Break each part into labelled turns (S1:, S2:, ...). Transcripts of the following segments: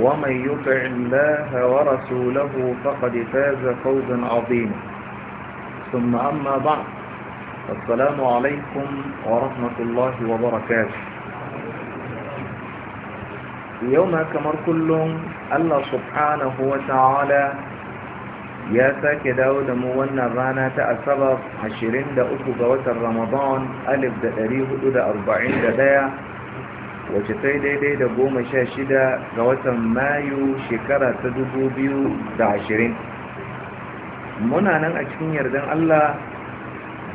S1: ومن يطع الله ورسوله فقد فاز فوزا عظيما ثم أما بعد السلام عليكم ورحمة الله وبركاته يوم كمر كل ألا سبحانه وتعالى يا ياساك داود مونا غانا تأسبب عشرين دا أكو رمضان ألف دا أريه دا أربعين دا, دا wacce sai daidai da goma sha shida ga watan mayu shekara ta dubu
S2: biyu da ashirin muna nan a cikin yardan allah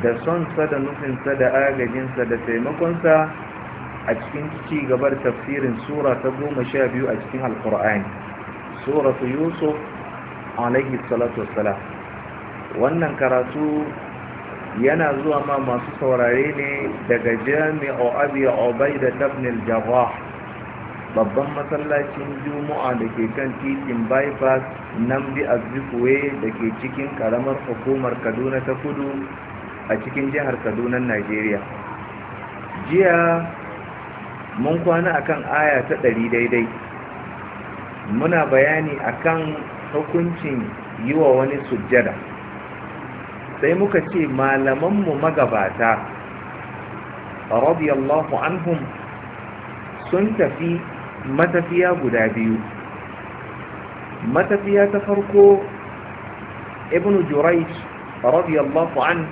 S1: da sonsa da nufinsa da agajinsa da taimakonsa a cikin ci gabar tafsirin sura ta goma sha biyu a cikin alkur'ani suratu yusuf alaihi salatu wannan karatu yana zuwa ma masu saurare ne daga jami'a abi obai da tafnil jarrah babban masallacin juma'a da ke kan titin bypass namdi azikwe da ke cikin karamar hukumar kaduna ta kudu
S2: a cikin jihar kaduna nigeria jiya mun kwana akan aya ta ɗari daidai muna bayani akan hukuncin yiwa wani sujjada sai muka ce malamanmu magabata radiyallahu anhum sun tafi matafiya guda biyu matafiya ta farko ibn juraish radiyallahu an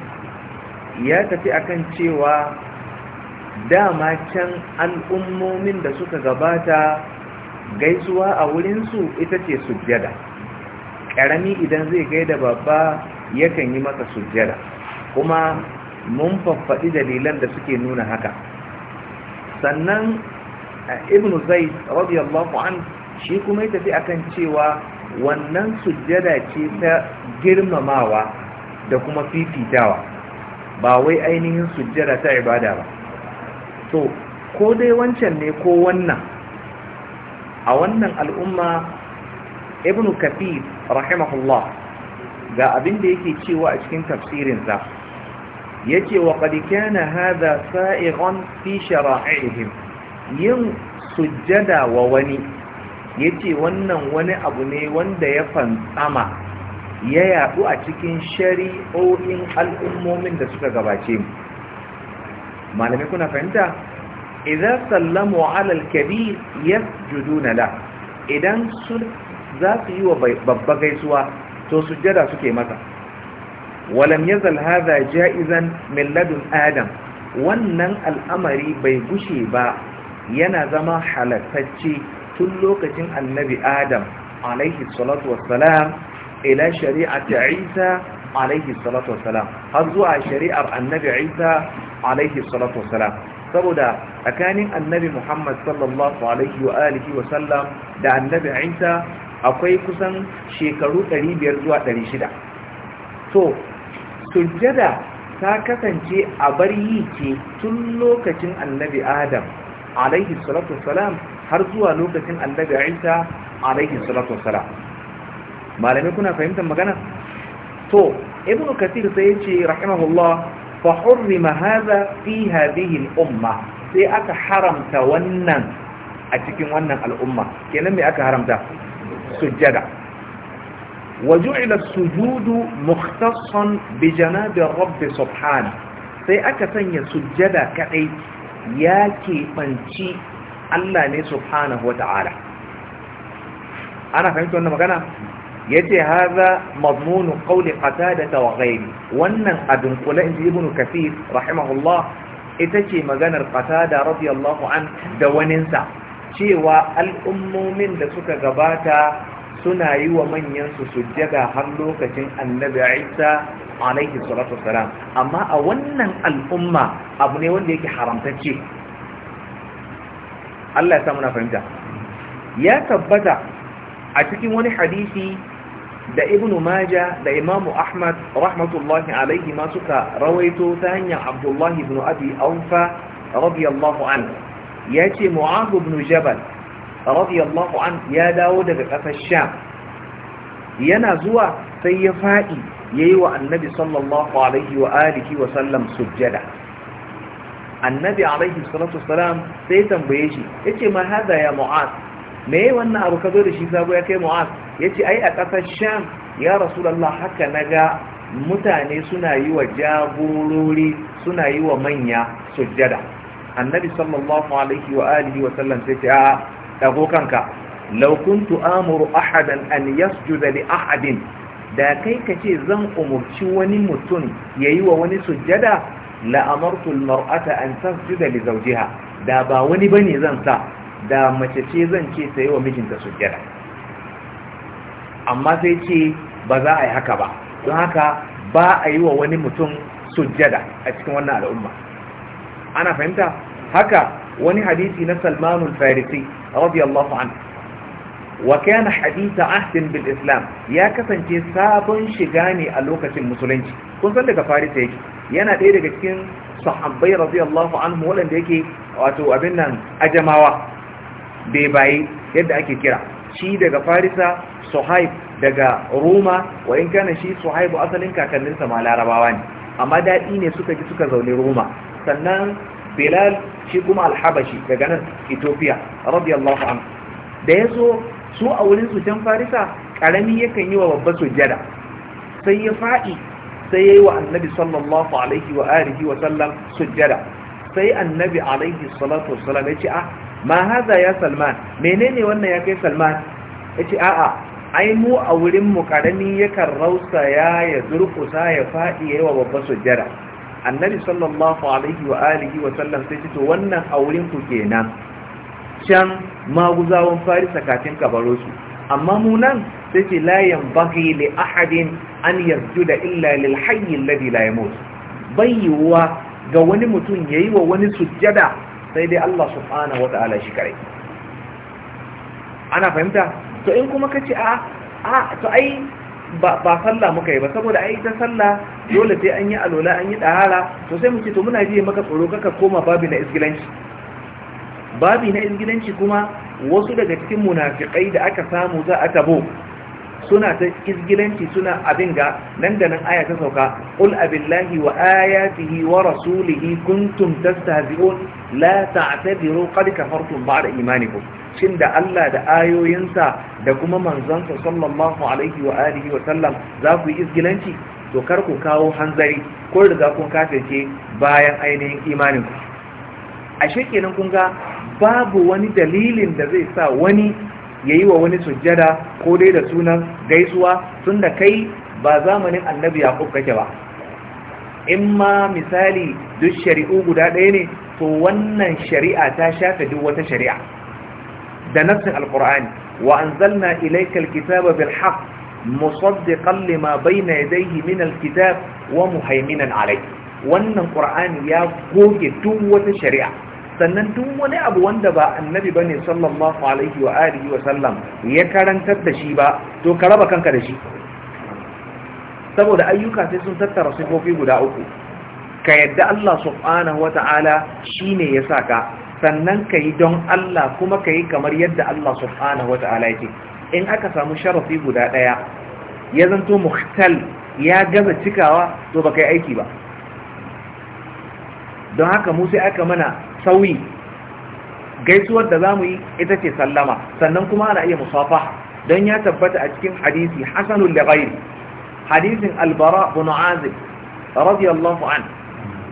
S2: ya tafi akan cewa dama can al'ummomin da suka gabata gaisuwa a wurinsu ita ce sujjada ƙarami idan zai gaida babba yakan yi masa sujjada kuma mun faffaɗi dalilan da suke nuna haka sannan ibn zaid radiyallahu an shi kuma ya tafi akan cewa wannan sujjada ce ta girmamawa da kuma fifitawa ba wai ainihin sujjada ta ibada ba to ko dai wancan ne ko wannan a wannan al'umma ibn kafir rahimahullah ga abin da yake cewa a cikin tafsirinsa ya ce wa ƙadikana haza sa'iron fi shara'ihim yin sujjada wa wani ya ce wannan wani abu ne wanda ya fantsama ya yaɗu a cikin shari'o'in al'ummomin da suka gabace mu malamai kuna fahimta idan sallamu alal kabir ya juduna da, idan su za su yi wa babba gaisuwa to sujjada suke mata. walam yazal hadha jaizan min ladun adam wannan al'amari bai gushe ba yana zama halattacce tun lokacin annabi adam alaihi salatu wassalam ila shari'ati isa alaihi salatu wassalam har zuwa shari'ar annabi isa alaihi salatu wassalam saboda tsakanin annabi muhammad sallallahu alaihi wa alihi wasallam da annabi isa akwai kusan shekaru 500 zuwa 600 to sujjada ta kasance a bar yi ke tun lokacin annabi adam alaihi salatu wasalam har zuwa lokacin annabi isa alaihi salatu wasalam malamai kuna fahimtar magana to ibnu kathir sai yace rahimahullah fa hurrima hadha fi hadhihi al-umma sai aka haramta wannan a cikin wannan al'umma kenan me aka haramta sujjada wa ju'ila sujudu mukhtassan bi janabi rabbi subhanahu sai aka sanya sujjada kadai ya ke keɓanci Allah ne subhanahu wa ta'ala ana fahimta wannan magana yace hadha mazmunu qawli qatada wa ghayri wannan adun kula inji ibn kathir rahimahullah ita ce maganar qatada radiyallahu an da waninsa cewa al'ummomin da suka gabata suna yi wa manyansu sujjada har lokacin annabi isa alaihi salatu salam amma a wannan al'umma abu ne wanda yake haramtacce Allah ya samu na fahimta ya tabbata a cikin wani hadisi da ibn maja da imamu ahmad rahmatullahi alaihi ma suka rawaito ta hanyar abdullahi ibn abi aufa radiyallahu anhu ya ce mu'az ibn jabal radiyallahu an ya dawo daga ƙasar sham yana zuwa sai ya faɗi yayi wa annabi sallallahu alaihi wa alihi wa sallam sujjada annabi alaihi salatu wasalam sai tambaye shi yace ma hada ya mu'az me wannan abu ka zo da shi sabo ya kai mu'az yace ai a ƙasar sham ya rasulullah haka naga mutane suna yi wa jagorori suna yi wa manya sujjada annabi sallallahu alaihi wa alihi wa sallam sai ce a dago kanka law kuntu amuru ahadan an yasjuda li ahadin da kai kace zan umurci wani mutum yayi wa wani sujjada la amartu al mar'ata an tasjuda li zawjiha da ba wani bane zan sa da mace ce zan ce ta yi wa mijinta sujjada amma sai ce ba za a yi haka ba don haka ba a yi wa wani mutum sujjada a cikin wannan al'umma ana fahimta haka wani hadisi na salmanul farisi radiyallahu anhu wa kana hadith ahdin bil Islam ya kasance sabon shiga ne a lokacin musulunci kun san daga Farisa yake yana ɗaya daga cikin sahabbai radiyallahu anhu wanda yake wato abin nan ajamawa bebaye yadda ake kira shi daga Farisa Suhaib daga Roma wa in kana shi suhaibu asalin kakanninsa ma Larabawa ne amma daɗi ne suka ji suka zaune Roma sannan bilal shi kuma alhabashi daga nan ethiopia radiyallahu anhu da ya so su a wurin su can farisa karami yakan yi wa babba sujjada sai ya faɗi sai ya yi wa annabi sallallahu alaihi wa alihi wa sallam sujjada sai annabi alaihi salatu wasallam ya ce a ah, ma haza ya salman menene wannan ya kai salman ya ce a'a ai mu a wurin mu karami yakan rausa ya ya durkusa ya faɗi ya yi wa babba sujjada annabi sallallahu alaihi wa alihi wa sallam sai ce to wannan auren ku kenan can maguzawan farisa kafin ka baro su amma mu nan sai ce la yanbaghi li ahadin an yasjuda illa lil hayy alladhi la yamut bayyuwa ga wani mutum yayi wa wani sujjada sai dai Allah subhanahu wa ta'ala shi kare ana fahimta to in kuma kace a a to ai ba sallah muka yi ba saboda ai ta sallah dole sai an yi alola an yi ɗahara to sai mu ce to muna jiye maka tsoro kaka koma babi na isgilanci babi na isgilanci kuma wasu daga cikin munafikai da aka samu za a tabo suna ta isgilanci suna abin ga nan da nan aya ta sauka qul abillahi wa ayatihi wa rasulihi kuntum tastahzi'un la ta'tadiru qad kafartum ba'da imanikum lokacin da Allah da ayoyinsa da kuma manzansa sallallahu alaihi wa alihi wa sallam za ku yi izgilanci to kar ku kawo hanzari ko riga kun kafirce bayan ainihin imanin ku ashe kenan kun ga babu wani dalilin da zai sa wani ya yi wa wani sujjada ko dai da sunan gaisuwa da kai ba zamanin annabi yaqub kake ba in ma misali duk shari'u guda ɗaya ne to wannan shari'a ta shafe duk wata shari'a da nassin alkur'ani wa anzalna ilaikal alkitaba bil haqq musaddiqan lima bayna yadayhi min alkitab wa muhaiminan alayhi wannan qur'ani ya goge duk wata shari'a sannan duk wani abu wanda ba annabi bane sallallahu alaihi wa alihi wa sallam ya karantar da shi ba to ka raba kanka da shi saboda ayyuka sai sun tattara sifofi guda uku ka yadda Allah subhanahu Ta'ala shine ya saka sannan ka yi don Allah kuma ka yi kamar yadda Allah subhanahu wata'ala yake in aka samu sharafi guda ɗaya ya zanto muhtal ya gaza cikawa to ba yi aiki ba don haka mu sai aka mana sauyi gaisuwar da za mu yi ita ce sallama sannan kuma ana iya musafa don ya tabbata a cikin hadisi hasanul da hadisin albara bin azib radiyallahu anhu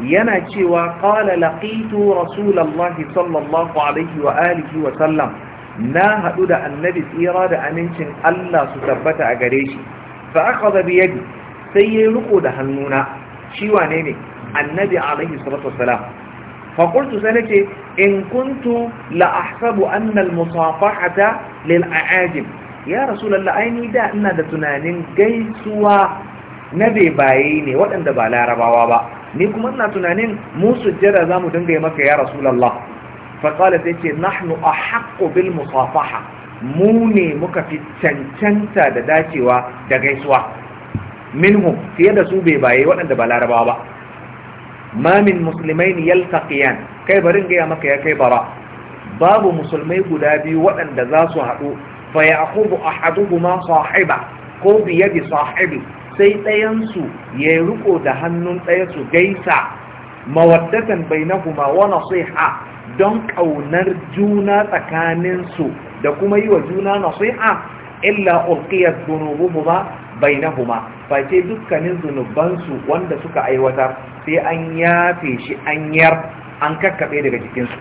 S2: yana cewa qala laqitu rasulullahi sallallahu alaihi wa alihi wa sallam na hadu da annabi tsira da amincin Allah su tabbata a gare shi fa akhadha bi yadi sai ya riko da hannuna shi wane ne annabi alaihi salatu wassalam fa qultu sanake in kuntu la ahsabu anna al musafahata lil aajib ya rasulullah aini da ina da tunanin gaisuwa na bebaye ne waɗanda ba larabawa ba ni kuma ina tunanin mu sujjada za mu dinga yi maka ya rasulallah faƙala sai ce nahnu a haƙƙo bil musafaha mu ne muka fi cancanta da dacewa da gaisuwa minhu fiye da su bai baye waɗanda ba larabawa ba musulmai ni yalta yaltaqiyan kai barin gaya maka ya kai bara babu musulmai guda biyu waɗanda za su haɗu fa ya'khudhu ahaduhuma sahiba ko bi sahibi sai ɗayansu ya yi riko da hannun ɗaya su gaisa mawaddatan wani sai nasiha don ƙaunar juna tsakaninsu da kuma yi wa juna nasiha illa ulqiyat dhunubuhuma bainahuma Ba ce dukkanin zunubansu wanda suka aiwatar sai an yafe shi an yar an kakkaɓe daga jikinsu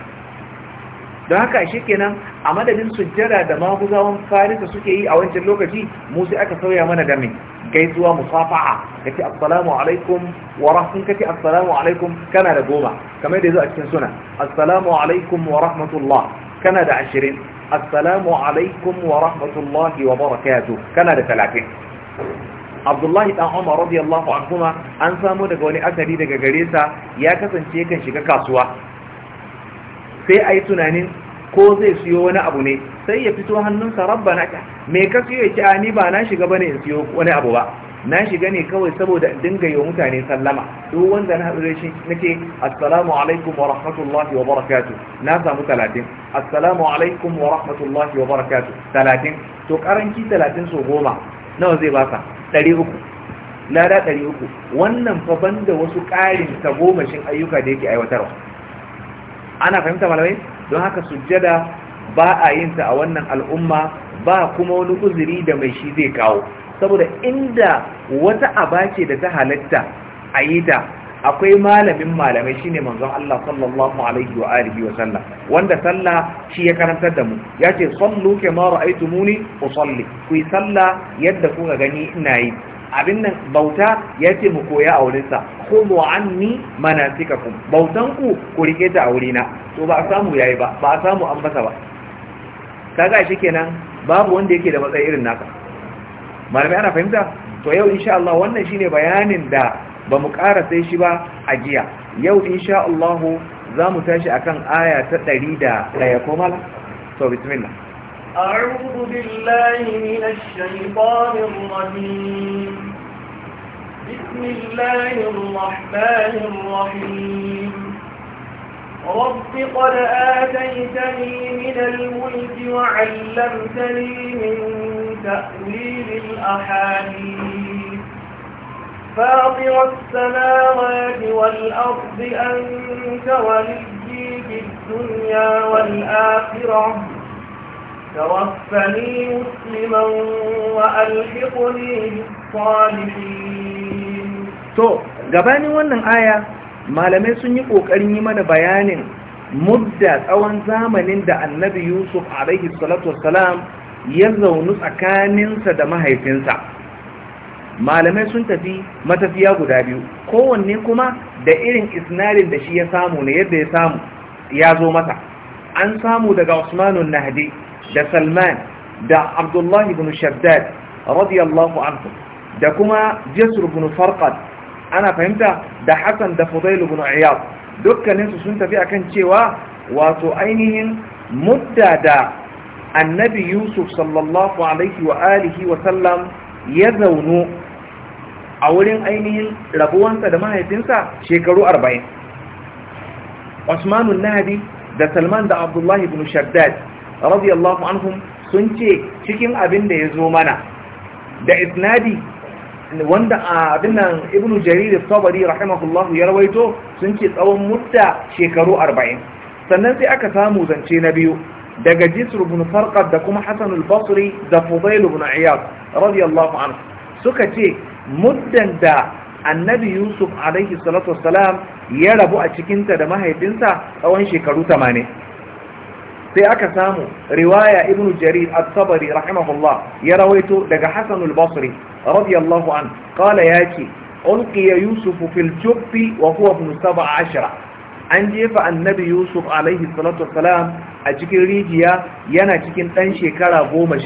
S2: don haka shi kenan a madadin sujjada da maguzawan farisa suke yi a wancan lokaci musu aka sauya mana da mai gaisuwa musafaha kace assalamu alaikum wa rahmatun kace assalamu alaikum kana da goma kamar da yazo a cikin suna assalamu alaikum wa rahmatullah kana da ashirin assalamu alaikum wa rahmatullahi wa barakatuh kana da talatin abdullahi dan umar radiyallahu anhuma an samu daga wani asali daga gare sa ya kasance kan shiga kasuwa sai a yi tunanin ko zai siyo wani abu ne sai ya fito hannunsa rabba na ka me ka siyo ya ce a ni ba na shiga bane in siyo wani abu ba na shiga ne kawai saboda dinga yi wa mutane sallama duk wanda na haɗu da shi nake assalamu alaikum wa rahmatullahi wa barakatu na samu talatin assalamu alaikum wa rahmatullahi wa barakatu talatin to karanci talatin so goma nawa zai baka ɗari uku lada ɗari uku wannan fa banda wasu ƙarin tagomashin ayyuka da yake aiwatarwa ana fahimta malamai don haka sujjada ba a yin ta a wannan al'umma ba kuma wani uzuri da mai shi zai kawo saboda inda wata aba ce da ta halatta a yi ta akwai malamin malamai shine manzon Allah sallallahu alaihi wa alihi wa sallam wanda sallah shi ya karantar da mu yace sallu kama ra'aytumuni usalli ku yi sallah yadda kuka gani ina yi abin nan bauta ya ce mu koya a wurinsa khudu anni manasikakum bautan ku ku rike ta a wurina to ba a samu yayi ba ba a samu an basa ba ga shi kenan babu wanda yake da matsayi irin naka Malami ana fahimta to yau insha Allah wannan shine bayanin da ba mu ƙara sai shi ba a jiya yau insha Allah za mu tashi akan aya ta ɗari da mala to bismillah
S1: أعوذ بالله من الشيطان الرجيم بسم الله الرحمن الرحيم رب قد آتيتني من الملك وعلمتني من تأويل
S3: الأحاديث
S1: فاطر السماوات والأرض أنت وليي في الدنيا والآخرة توفني مسلما وألحقني
S3: بالصالحين
S2: تو gabanin wannan aya malamai sun yi ƙoƙarin yi mana bayanin mudda tsawon zamanin da annabi yusuf alaihi salatu wassalam ya zaunu tsakaninsa da mahaifinsa malamai sun tafi matafiya guda biyu kowanne kuma da irin isnarin da shi ya samu ne yadda ya samu ya zo masa an samu daga usmanun nahdi da salman da abdullahi bin shaddad radiyallahu anhu da kuma jasur bin farqad ana fahimta da hasan da fudail bin iyad dukkaninsu sun tafi akan cewa wato ainihin mudda da annabi yusuf sallallahu alaihi wa alihi wa sallam ya zaunu a wurin ainihin rabuwansa da mahaifinsa shekaru arba'in. Usmanun Nahdi da Salman da Abdullahi bin Shaddad radiyallahu anhum sun ce cikin abin da ya zo mana da isnadi wanda abin nan ibnu jarir tabari rahimahullahu ya rawaito sun ce tsawon mutta shekaru 40 sannan sai aka samu zance na biyu daga jisr ibn farqad da kuma hasan al-basri da fudail ibn iyad radiyallahu anhu suka ce muddan da annabi yusuf alaihi salatu wassalam ya rabu a cikinta da mahaifinsa tsawon shekaru 80 sai aka samu riwaya ibnu jarir at-tabari rahimahullah ya rawaito daga hasan al-basri radiyallahu an qala yaki ulqiya yusuf fil jubbi wa huwa ibn 17 an jefa annabi yusuf alaihi salatu wassalam a cikin rijiya yana cikin dan shekara 17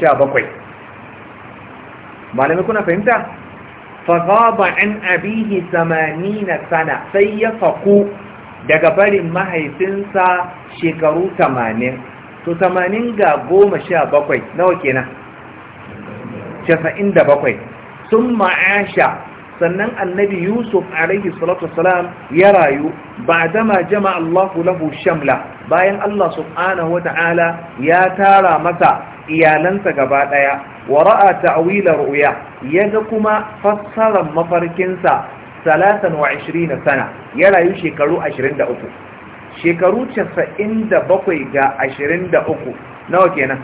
S2: malamai kuna fahimta faghaba an abihi 80 sana sai ya faku daga barin mahaifinsa shekaru tamanin to tamanin ga goma sha bakwai nawa kenan casa'in da bakwai sun ma'asha sannan annabi yusuf alaihi salatu wasalam ya rayu ba dama jama allahu lahu shamla bayan allah subhanahu wata'ala ya tara masa iyalansa gaba daya wa ra'a ta'wila ru'ya yaga kuma fassarar mafarkinsa 23 sana ya rayu shekaru 23 shekaru 97 ga 23 nawa kenan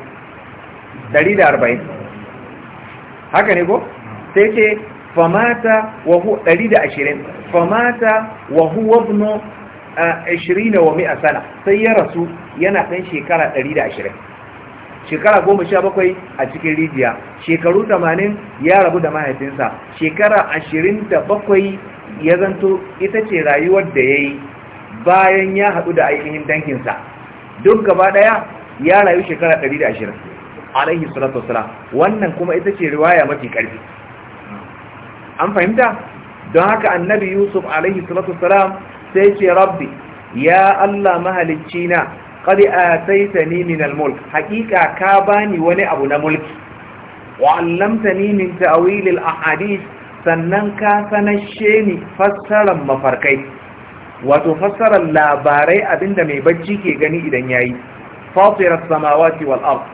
S2: 140 haka ne ko sai ce famata wa hu 120 famata wa hu ibn 20 wa 100 sana sai ya rasu yana kan shekara 120 shekara goma sha bakwai a cikin rijiya shekaru tamanin ya rabu da mahaifinsa shekara ashirin da bakwai ya zanto ita ce rayuwar da ya yi bayan ya haɗu da ainihin dankinsa, duk gaba ɗaya ya rayu shekara 120 alaihi salatu wasala wannan kuma ita ce riwaya mafi ƙarfi an fahimta don haka annabi yusuf alaihi salatu wasala sai ce rabbi ya allah mahalicci na saita ni min almulk mulk ka bani wani abu na mulki wa ni min ta'wil Ahadis ahadith sannan ka sanashe ni fassaran mafarkai wato fassarar labarai abinda mai bacci ke gani idan yayi fasirar samawati wal ard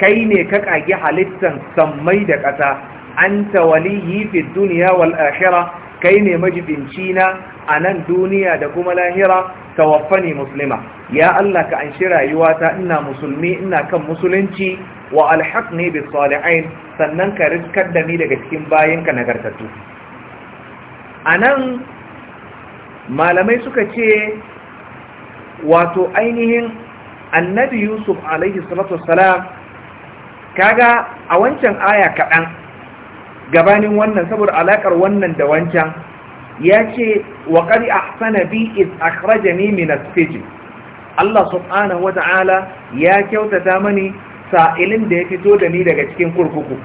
S2: kai ne ka kage halittan sammai da ƙasa anta waliyyi fi dunya wal akhira kai ne majibinci na a nan duniya da kuma lahira tawaffani muslima ya Allah ka anshi rayuwata ina musulmi ina kan musulunci wa alhaqni bis salihin sannan ka riskar da ni daga cikin bayinka nagartattu anan malamai suka ce wato ainihin annabi yusuf alaihi salatu wassalam kaga a wancan aya kaɗan gabanin wannan saboda alaƙar wannan da wancan ya ce wa ƙari a sanabi is akhrajani min minas fiji Allah subhanahu Ta'ala ya kyautata mani sa'ilin da ya fito da ni daga cikin kurkuku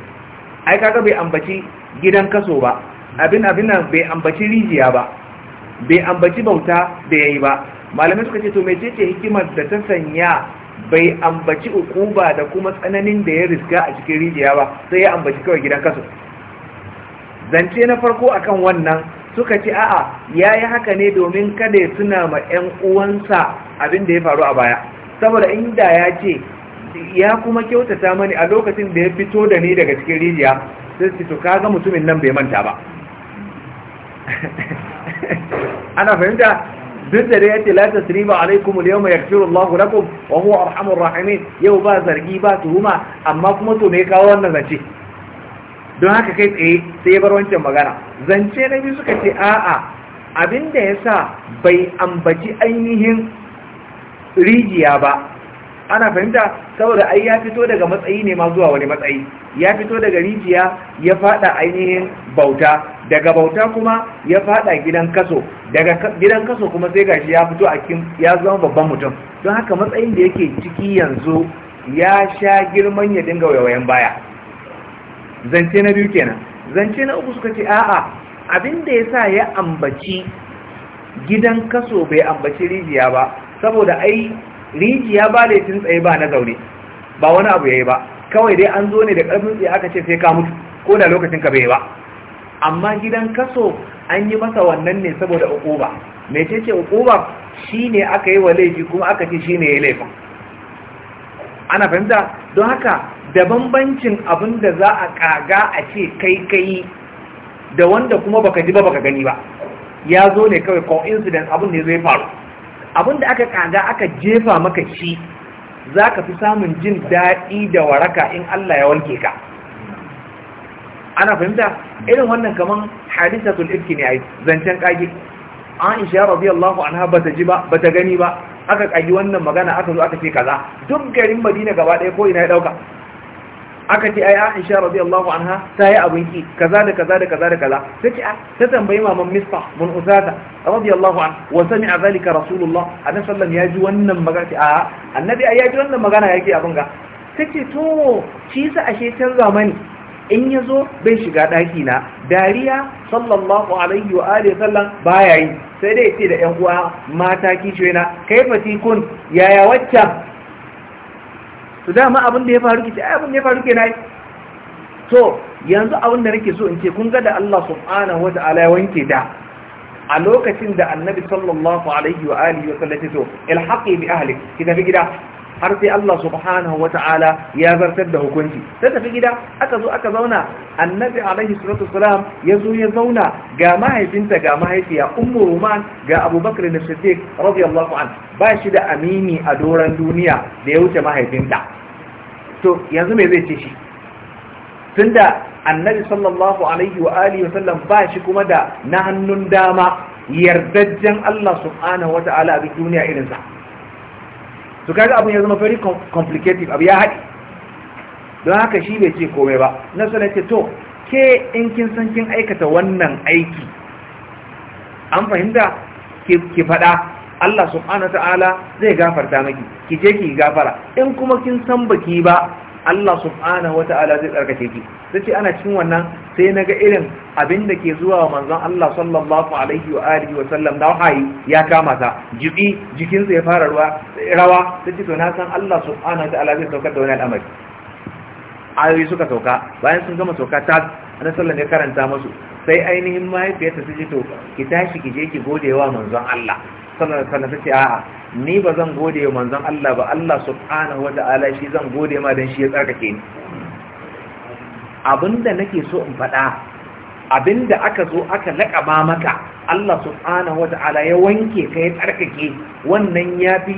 S2: ai kaga bai ambaci gidan kaso ba abin abin bai ambaci rijiya ba bai ambaci bauta da ya yi ba malamai suka ce to mai mecece hikimar da ta sanya bai ambaci ba da kuma tsananin da ya riska a cikin rijiya ba sai ya ambaci kawai gidan kasu? zance na farko akan wannan suka ce a'a yi haka ne domin kada ya tuna ma 'yan uwansa abin da ya faru a baya saboda inda ya ce ya kuma kyautata mani a lokacin da ya fito da ni daga cikin rijiya sai su to kaga mutumin nan bai manta ba ana fahimta duk da dai yace la tasriba alaikum al-yawma yaghfiru Allahu lakum wa huwa arhamur rahimin yau ba zargi ba tuhuma amma kuma to ne kawo wannan zance don haka kai tsaye sai ya bar wancan magana zance na biyu suka ce a'a abinda yasa bai ambaci ainihin rigiya ba ana fahimta saboda ai ya fito daga matsayi ne ma zuwa wani matsayi ya fito daga rijiya ya fada ainihin bauta daga bauta kuma ya fada gidan kaso daga gidan kaso kuma sai gashi ya fito a kin ya zama babban mutum don haka matsayin da yake ciki yanzu ya sha girman ya dinga wayoyin baya zance na biyu kenan zance na uku suka ce a'a da yasa ya ambaci gidan kaso bai ambaci rijiya ba saboda ai rijiya ba laifin tsaye ba na zaune ba wani abu yayi ba kawai dai an zo ne da ƙarfin tsaye aka ce sai ka mutu ko da lokacin ka bai ba amma gidan kaso an yi masa wannan ne saboda ukuba me ce ce ukuba shine aka yi wa laifi kuma aka ce shine ya laifin? ana fahimta don haka da bambancin abin da za a kaga a ce kai kai da wanda kuma baka ji ba baka gani ba ya zo ne kawai coincidence abin ne zai faru abin da aka kaga aka jefa maka shi za ka fi samun jin daɗi da waraka in Allah ya wanke ka ana fahimta irin wannan kaman hadisatul ifki ne zancen ƙage Aisha radiyallahu anha bata ji ba bata gani ba aka ƙagi wannan magana aka zo aka ce kaza duk garin Madina gaba ɗaya ko ina ya ɗauka. aka ce ai Aisha radiyallahu anha ta yi abin ki kaza da kaza da kaza da kaza a, ah, ta tambayi maman Mista. mun Usada radiyallahu an. wa sami'a zalika Rasulullah annabi sallallahu ya ji wannan magana a annabi ai ya ji wannan magana yake abin ga take to shi sa ashe canza mani in yazo bai shiga daki na dariya sallallahu alaihi wa alihi sallam baya yi sai dai ce da 'yan uwa mata kishiyoyi na Kai tikun yaya wacce. to dama abin da ya faru ki ce ai abin da ya faru ke nayi to yanzu abin da nake so in ce kun ga da Allah subhanahu wa ta'ala ya wanke da a lokacin da annabi sallallahu alaihi wa alihi wa sallam to ilhaqi bi ahlik ki tafi gida har sai Allah subhanahu wa ta'ala ya zartar da hukunci sai tafi gida aka zo aka zauna annabi alaihi salatu wasalam ya zo ya zauna ga mahaifinta ga mahaifiya ummu ruman ga abubakar da siddiq radiyallahu an ba shi da amini a doran duniya da ya wuce mahaifinta to yanzu mai zai ce shi tunda annabi sallallahu alaihi wa alihi wa sallam ba shi kuma da na hannun dama yardajjen Allah subhanahu wa ta'ala a duniya irin sa to kaga abun ya zama very complicated abu ya haɗi don haka shi bai ce komai ba na sanar ce to ke in kin san kin aikata wannan aiki an fahimta ki faɗa Allah subhanahu ta'ala zai gafarta maki ki je ki gafara in kuma kin san baki ba Allah subhanahu ta'ala zai tsarkake ki sai ana cin wannan sai naga irin abin da ke zuwa manzon Allah sallallahu alaihi wa alihi wa sallam da wahayi ya kama ta jibi jikin ya fara ruwa rawa sai to na san Allah subhanahu ta'ala zai saukar da wani al'amari ayoyi suka sauka bayan sun gama sauka ta na sallan ya karanta musu sai ainihin mahaifiyarta ta ji to ki tashi ki je ki gode wa manzon Allah sallallahu alaihi wasallam a'a ni ba zan gode wa manzon Allah ba Allah subhanahu wataala shi zan gode ma dan shi ya tsarkake ni abinda nake so in faɗa abinda aka zo aka laƙaba maka Allah subhanahu wataala ya wanke ka ya tsarkake wannan ya fi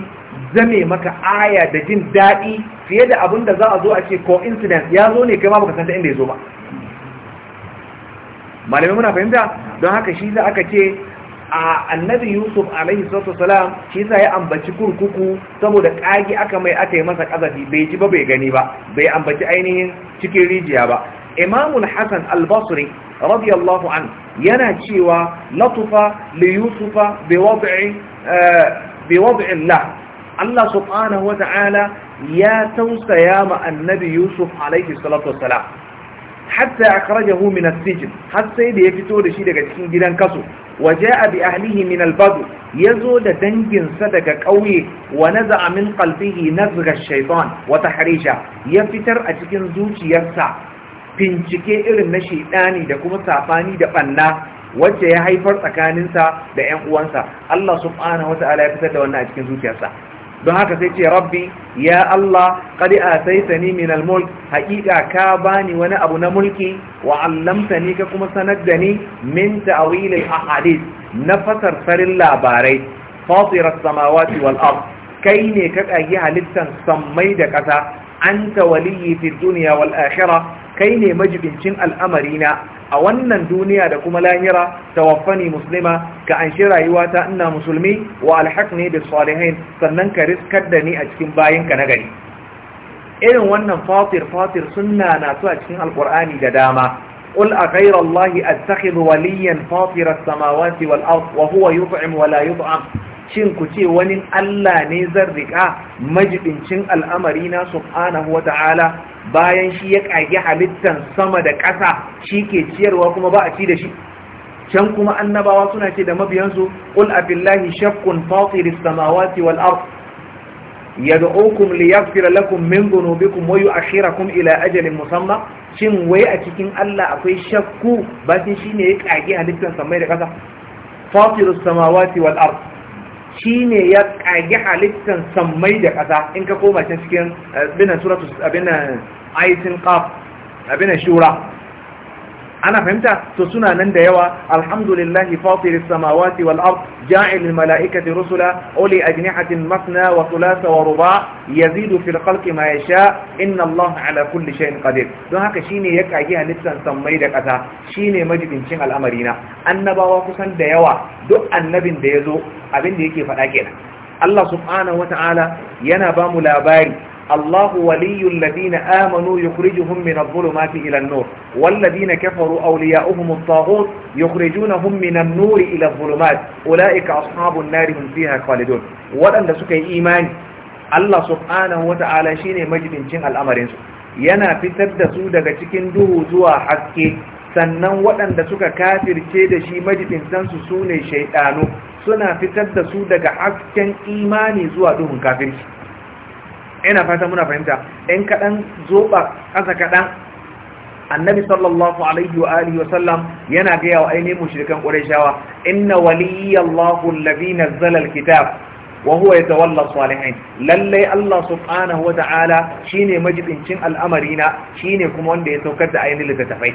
S2: zame maka aya da jin daɗi fiye da abinda za a zo a ce coincidence ya zo ne kai ma baka san ta inda ya zo ba malamai muna fahimta don haka shi za aka ce a annabi yusuf alaihi salatu wasalam shi yasa ya ambaci kurkuku saboda kagi aka mai aka yi masa kazafi bai ji ba bai gani ba bai ambaci ainihin cikin rijiya ba imamul hasan al-basri radiyallahu an yana cewa latufa li yusufa bi wad'i eh, bi Allah subhanahu wa ta'ala ya tausaya ma annabi yusuf alaihi salatu wasalam hatta akhrajahu min as har sai da ya fito da shi daga cikin gidan kaso waje bi ahlihi min al-badu da danginsa daga kauye wa naza'a min qalbihi nazgha wata shaytan ya fitar a cikin zuciyarsa bincike irin na shedani da kuma safani da banna wacce ya haifar tsakaninsa da ƴan uwansa Allah subhanahu ta'ala ya fitar da wannan a cikin zuciyarsa don haka sai ce rabbi ya Allah a sai min minal mulk haƙiƙa ka bani wani abu na mulki wa allamtani ka kuma sanar da ni min ta'wil al-ahadith na fasar farin labarai fatir samawati wal ard kai ne ka kagi halittan sammai da kasa anta waliyyi fi dunya wal akhirah kai ne majibincin al'amarina a wannan duniya da kuma lahira tawaffani muslima ka anshi rayuwata ina musulmi wa alhaqni bis salihin sannan ka riskar da ni a cikin bayinka na gari irin wannan fatir fatir sunna na su a cikin alqur'ani da dama قل أغير الله أتخذ وليا فاطر السماوات والأرض وهو يطعم ولا يطعم shin ku ce wani Allah ne zan riƙa majibincin al'amari na wa ta'ala bayan shi ya ƙage halittan sama da ƙasa shi ke ciyarwa kuma ba a ci da shi can kuma annabawa suna ce da mabiyansu ƙul a billahi shakkun fatiris samawati wal ard yad'ukum liyaghfir lakum min dhunubikum wa yu'akhirakum ila ajalin musamma shin wai a cikin Allah akwai shakku bacin shi ne ya kage halittar samai da ƙasa fatirus samawati wal ard shi ne ya kage halittar samai da ƙasa in ka koma cikin eh, binan suratu abinan aitin qaf abinan shura ana fahimta to suna nan da yawa alhamdulillahi fatiris samawati wal ard ja'il malaikati rusula uli ajnihatin masna wa thulatha wa ruba' yazidu fil khalqi ma yasha inna Allah ala kulli shay'in qadir don haka shine ya kage halittan sammai da kasa shine majibincin al'amari na annabawa kusan da yawa duk annabin da yazo abin da yake faɗa kenan Allah subhanahu ta'ala yana ba mu labari الله ولي الذين آمنوا يخرجهم من الظلمات إلى النور والذين كفروا أولياؤهم الطاغوت يخرجونهم من النور إلى الظلمات أولئك أصحاب النار هم فيها خالدون ولن سكي إيمان الله سبحانه وتعالى شين مجد شين الأمر yana fitar da su daga cikin duhu zuwa haske sannan waɗanda suka kafirce da shi majibintansu su ne shaidanu suna fitar da su daga hasken imani zuwa duhun kafirci ina fata muna fahimta in kaɗan zoɓa ƙasa kaɗan annabi sallallahu alaihi wa alihi wa sallam yana gaya wa ainihin mushrikan qurayshawa inna waliyallahu allazi nazzala alkitab wa huwa yatawalla salihin lalle Allah subhanahu wa ta'ala shine majibincin al'amarina shine kuma wanda ya saukar da ainihin littattafai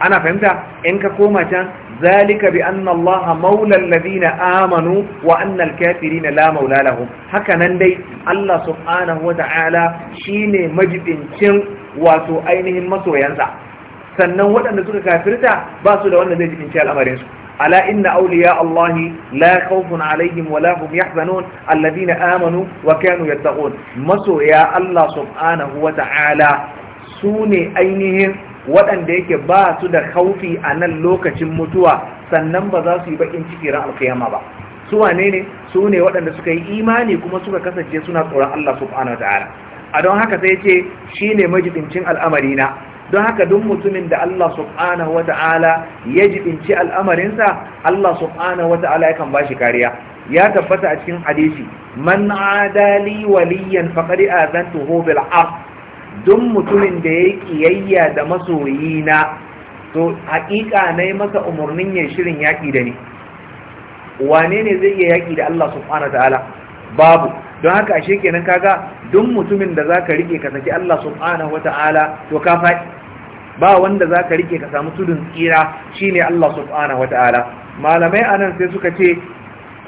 S2: ana fahimta in ka koma can ذلك بأن الله مولى الذين آمنوا وأن الكافرين لا مولى لهم هكذا دي الله سبحانه وتعالى شيني مجد شن واتو أينهم مسو ينزع sannan waɗanda suka kafirta basu su da wanda zai jikin ciyar amarinsu ala inna awliya Allah la khawfun alaihim wala la hum yahzanun alladhina amanu wa kanu yattaqun masoya Allah subhanahu wa sune ainihin waɗanda yake ba su da haufi a nan lokacin mutuwa sannan ba za su yi baƙin ciki ran alkiyama ba su wane ne su ne waɗanda suka yi imani kuma suka kasance suna tsoron Allah subhanahu wataala a don haka sai ce shine majibincin al'amari na don haka duk mutumin da Allah subhanahu wataala ya jibinci al'amarinsa Allah subhanahu wataala yakan bashi kariya ya tabbata a cikin hadisi man adali waliyan faqad azantuhu bil aqd duk mutumin da ya kiyayya da masoyi na to haƙiƙa na yi masa umarnin ya shirin yaƙi da ni wane ne zai iya yaƙi da Allah subhanahu ta'ala babu don haka ashe kenan kaga duk mutumin da za ka riƙe ka saki Allah subhanahu ta'ala to ka faɗi ba wanda za ka riƙe ka samu tudun tsira shine Allah subhanahu ta'ala malamai anan sai suka ce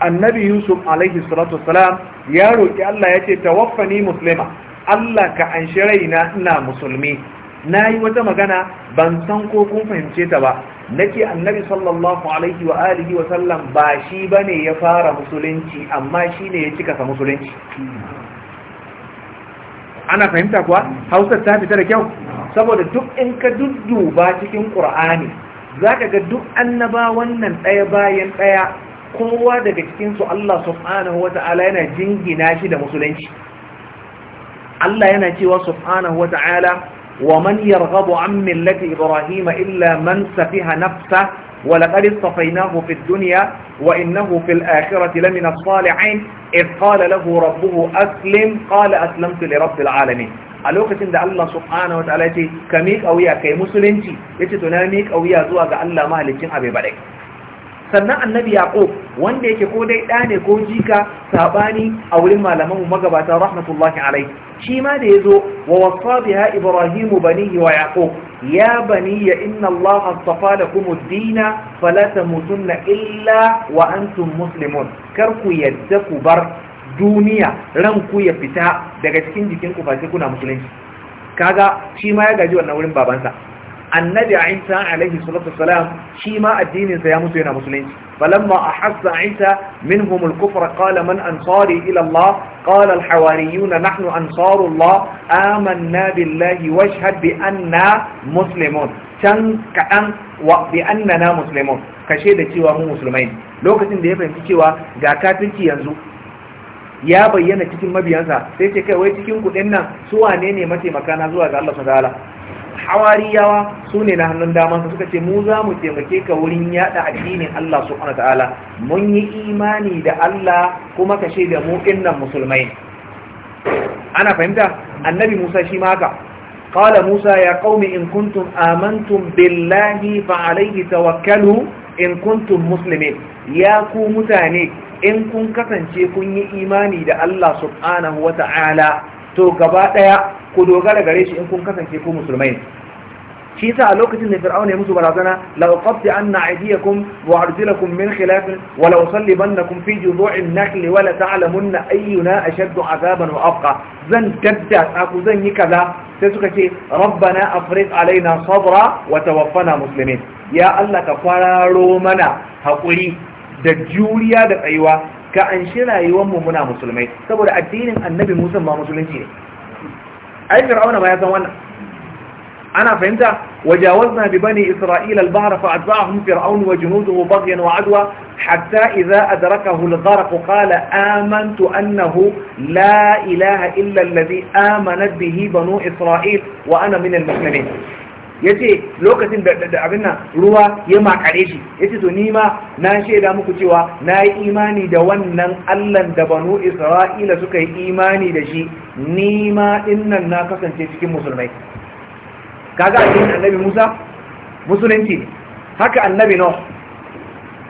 S2: annabi yusuf alaihi salatu wasalam ya roƙi Allah ya ce tawaffani muslima Allah ka anshi raina ina musulmi na yi wata magana ban san ko kun fahimce ta ba nake annabi sallallahu alaihi wa alihi wa sallam ba shi bane ya fara musulunci amma shi ne ya cika sa musulunci ana fahimta kuwa hausar ta fita da kyau saboda duk in ka ba cikin qur'ani zaka ga duk annaba wannan daya bayan daya kowa daga cikin su Allah subhanahu wata'ala yana jingina shi da musulunci Allah yana cewa subhanahu wa ta'ala wa man yarghabu an millati ibrahima illa man safiha nafsa wa laqad istafainahu fid dunya wa innahu fil akhirati lamina salihin id qala lahu rabbuhu aslim qala aslamtu li rabbil alamin a lokacin da Allah subhanahu wa ta'ala ce ka miƙa wuya kai musulunci yace to na miƙa wuya zuwa ga Allah mahalicin abai badai sannan annabi yaqub wanda yake ko dai ɗa ne ko jika sabani a wurin malaman mu magabata rahmatullahi alaihi shi ma da yazo wa wasa biha ibrahim banihi wa yaqub ya bani inna allaha astafa lakum ad dina fala tamutunna illa wa antum muslimun kar ku yadda ku bar duniya ranku ya fita daga cikin jikinku ba sai kuna musulunci kaga shi ma ya gaji wannan wurin babansa annabi Isa alaihi salatu wassalam shi ma addinin sa ya mutu yana musulunci falamma ahassa Isa minhum al qala man ansari ila Allah qala al nahnu ansaru Allah amanna billahi washhad bi anna muslimun can kadan wa bi annana muslimun kashe da cewa mu musulmai lokacin da ya fahimci cewa ga kafirci yanzu ya bayyana cikin mabiyansa sai ce kai wai cikin kudin nan su wane ne mataimaka na zuwa ga Allah subhanahu hawariyawa su ne na hannun su suka ce mu za mu taimake ka wurin yada addinin Allah subhanahu ta'ala mun yi imani da Allah kuma ka shaida mu innan musulmai ana fahimta annabi Musa shi ma haka qala Musa ya qaumi in kuntum amantum billahi fa alayhi tawakkalu in kuntum muslimin ya ku mutane in kun kasance kun yi imani da Allah subhanahu ta'ala to gaba daya ku dogara gare shi in kun kasance ku musulmai shi yasa a lokacin da fir'auna ya musu barazana la uqatti anna aydiyakum wa arjulakum min khilaf wa la usallibannakum fi judu'in nakhl wa la ta'lamunna ayyuna ashaddu 'adaban wa abqa zan dadda ku zan yi kaza sai suka ce rabbana alai alaina sabra wa tawaffana muslimin ya Allah ka kwararo mana hakuri da juriya da tsayuwa ka anshi rayuwar mu muna musulmai saboda addinin annabi Musa ma musulunci ne ai fir'auna ma ya san wannan ana fahimta wajawazna bi bani isra'ila al-bahr fa atba'ahum fir'aun wa junuduhu baghyan wa adwa hatta idha adrakahu al-gharq qala amantu annahu la ilaha illa alladhi amanat bihi banu isra'il wa ana min al-muslimin Ya ce lokacin da abin nan ruwa ya makare shi Ya ce to ni ma na shaida muku cewa na yi imani da wannan Allah da banu Isra'ila suka yi imani da shi ni ma nan na kasance cikin musulmai kaga addinin annabi Musa musulunci haka annabi no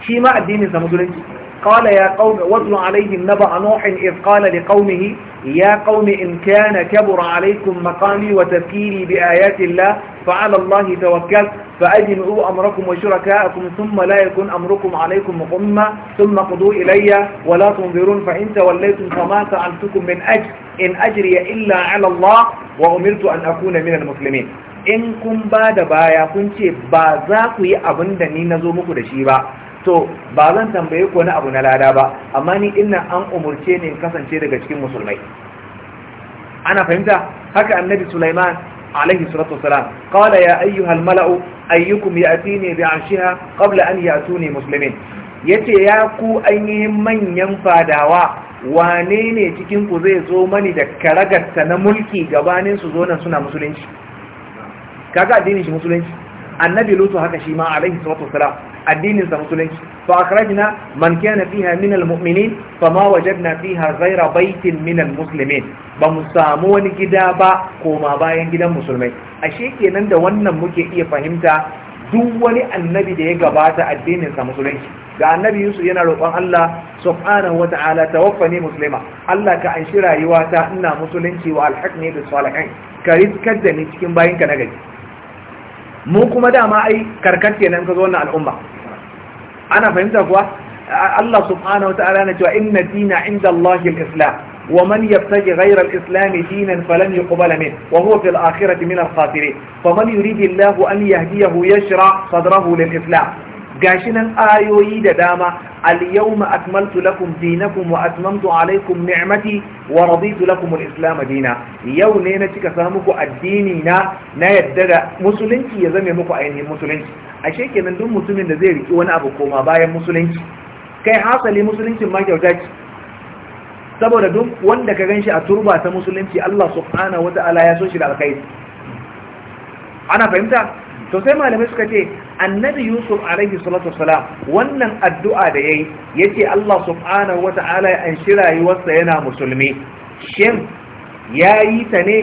S2: shi ma addinin sa musulunci قال يا قوم واتل عليهم نبأ نوح إذ قال لقومه يا قوم إن كان كبر عليكم مقامي وتذكيري بآيات الله فعلى الله توكل فأجمعوا أمركم وشركاءكم ثم لا يكون أمركم عليكم غمة ثم قضوا إلي ولا تنظرون فإن توليتم فما سألتكم من أجر إن أجري إلا على الله وأمرت أن أكون من المسلمين in kun ba da baya kun ce ba za ku yi abin da ni na zo muku da shi ba to ba zan tambaye ku wani abu na lada ba amma ni ina an umurce ni in kasance daga cikin musulmai ana fahimta haka annabi Sulaiman alaihi salatu wasalam qala ya ayyuhal mala'u ayyukum ya'tini bi'arshiha qabla an ya'tuni muslimin yace ya ku ainihin manyan fadawa wane ne cikin zai zo mani da karagarta na mulki gabanin su zo nan suna musulunci kaga addinin shi musulunci annabi lutu haka shi ma alaihi salatu wasalam addinin sa musulunci fa akhrajna man kana fiha min almu'minin fama wajadna fiha ghayra baitin min almuslimin ba mu samu wani gida ba koma bayan gidan musulmai ashe kenan da wannan muke iya fahimta duk wani annabi da ya gabata addinin sa musulunci ga annabi Yusuf yana roƙon Allah subhanahu ta'ala tawaffani muslima Allah ka anshi rayuwata ina musulunci wa alhaqni bis salihin ka rizkar da ni cikin bayinka na gari mu kuma dama ai karkar kenan ka zo wannan al'umma ana fahimta kuwa Allah subhanahu wa ta'ala na cewa inna dina inda Allahi al-Islam wa man yabtaji ghayra al-Islam dinan falan yuqbala min wa huwa fil akhirati min al-khasirin faman yuridu Allahu an yahdiyahu yashra sadrahu lil-Islam gashi nan ayoyi da dama al-yawma akmaltu lakum dinakum wa atmamtu alaykum ni'mati wa raditu lakum al-islam dina yau ne na cika samu ku addini na na yadda da musulunci ya zame muku ainihin musulunci ashe kenan duk mutumin da zai riki wani abu koma bayan musulunci kai hasali musuluncin ma kyauta ce saboda duk wanda ka ganshi a turba ta musulunci Allah subhanahu wa ta'ala ya so shi da alkhairi ana fahimta to sai malamai suka ce annabi yusuf alaihi salatu Salam, wannan addu'a da yayi yace Allah subhanahu wata'ala ya anshi rayuwarsa yana musulmi shin yayi ta ne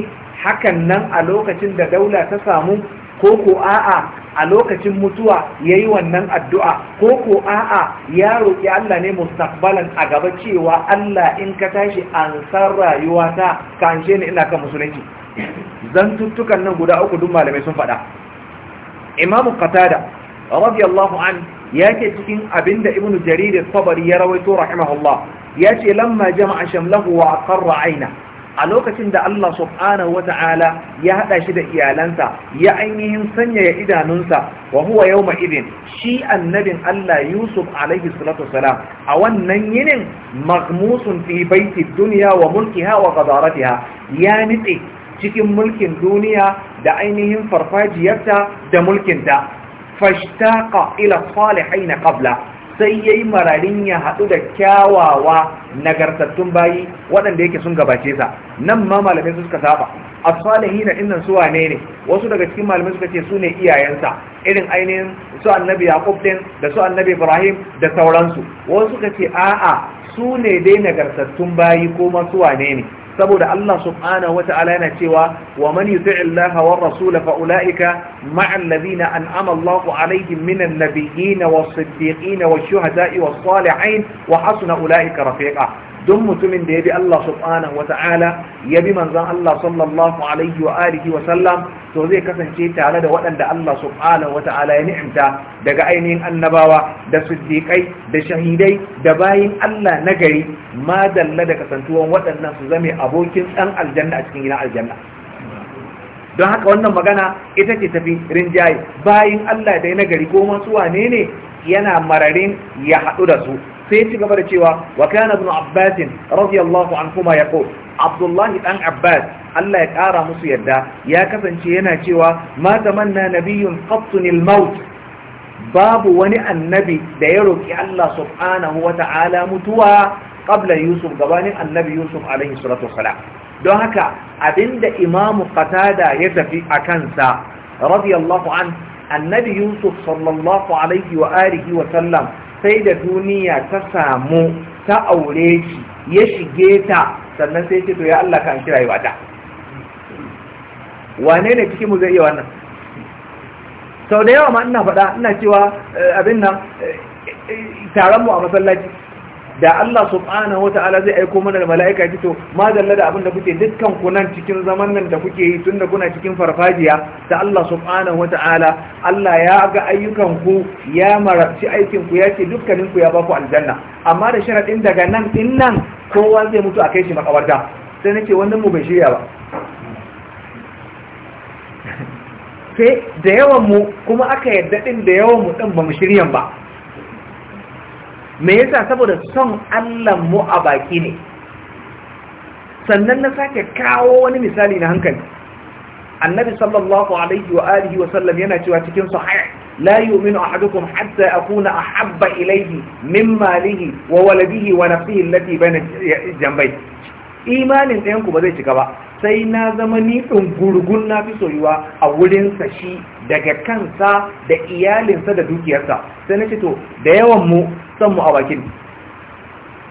S2: hakan nan a lokacin da daula ta samu ko ko a'a a lokacin mutuwa ya yi wannan addu'a ko ko a'a ya roƙi Allah ne mustaqbalan a gaba cewa Allah in ka tashi an san rayuwa ta kanshe ni ina kan musulunci Zan zantuttukan nan guda uku duk malamai sun faɗa imamu qatada radiyallahu an yake cikin abinda ibnu jarir as-sabri ya rawaito rahimahullah yace lamma jama'a shamlahu wa aqarra aina a lokacin da Allah subhanahu wata'ala ya hada shi da iyalansa ya ainihin sanyaya idanunsa wa huwa yawma idin shi annabin Allah Yusuf alaihi salatu wasalam a wannan yinin maghmusun fi baiti dunya wa mulkiha wa qadaratiha ya nitse cikin mulkin duniya da ainihin farfajiyarta da mulkinta fashtaqa ila salihin qabla sai yayi mararin ya hadu da kyawawa nagartattun bayi waɗanda yake sun gabace sa nan ma malamai suka saba as-salihin su wane ne wasu daga cikin malamai suka ce su ne iyayensa irin ainihin su annabi yaqub din da su annabi ibrahim da sauransu wasu suka ce a'a su ne dai nagartattun bayi ko masu wane ne saboda Allah subhanahu wata'ala yana cewa wa man yuti'i Allah wa rasul fa ulaika ma'a alladhina an'ama Allah 'alayhim minan nabiyyin was-siddiqin wash-shuhada'i was-salihin wa hasuna ulaika rafiqa don mutumin da ya bi Allah subhanahu wa ta'ala ya bi manzan Allah sallallahu alaihi wa alihi wa sallam to zai kasance tare da waɗanda Allah subhanahu wa ta'ala ya ni'imta daga ainihin annabawa da siddiƙai da shahidai da bayin Allah nagari ma dalla da kasantuwan waɗannan su zame abokin ɗan aljanna a cikin gidan aljanna don haka wannan magana ita ce tafi rinjaye bayin Allah da ya nagari ko masu wane ne yana mararin ya haɗu da su sai ci gaba da cewa wa kana ibn abbas radiyallahu anhuma yaqul abdullahi Ɗan abbas Allah ya kara musu yadda ya kasance yana cewa ma tamanna nabiyyun qattun maut babu wani annabi da ya roki Allah subhanahu wa ta'ala mutuwa qabla yusuf gabanin annabi yusuf alaihi salatu wassalam don haka abinda imamu qatada ya tafi a kansa radiyallahu an annabi yusuf sallallahu alaihi wa alihi wa sallam sai da duniya ta samu ta aure shi ya shige ta sannan sai ce to ya Allah ka kira shi ta wane ne cikin mu zai iya wannan sau da yawa ma ina faɗa ina cewa eh, abin nan
S3: eh, eh, taron
S2: mu a masallaci da Allah subhanahu wata'ala zai aiko mana da mala'ika to ma dalla da abin kuke dukkan ku nan cikin zaman nan da kuke yi tunda kuna cikin farfajiya da Allah subhanahu wata'ala Allah ya ga ayyukan ku ya marabci aikin ku ya ce dukkanin ku ya ba ku aljanna amma da sharadin daga nan din nan kowa zai mutu a kai shi makabarta sai nake wannan mu bai shirya ba sai da yawan mu kuma aka yadda ɗin da yawan mu din ba mu shirya ba me yasa saboda son Allah mu a baki ne sannan na sake kawo wani misali na hankali annabi sallallahu alaihi wa alihi wa sallam yana cewa cikin sahih la yu'minu ahadukum hatta akuna ahabba ilayhi min malihi wa waladihi wa nafsihi allati bayna jambai. imanin ɗayanku ku ba zai cika ba sai na zama ni gurgun na fi soyuwa a wurinsa shi daga kansa da iyalinsa da dukiyarsa sai na ce to da yawan mu san mu a bakin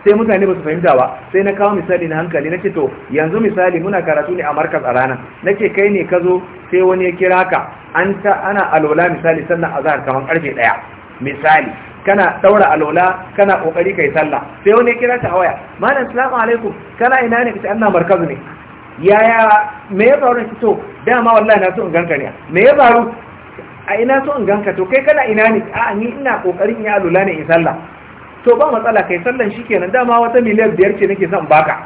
S2: sai mutane ba su fahimta ba sai na kawo misali na hankali na ce to yanzu misali muna karatu ne a markas a ranar na ce kai ne ka zo sai wani ya kira ka an ta ana alola misali sannan a zahar kamar karfe ɗaya misali kana daura alola kana kokari kai sallah sai wani kira ta waya malam assalamu alaikum kana ina ne kace annan markazu ne yaya me ya faru ki to dama wallahi na so in ganka ne me ya faru a ina so in ganka to kai kana ina ne a ni ina kokarin ya alola ne in sallah to ba matsala kai sallan shikenan dama wata miliyan biyar ce nake son baka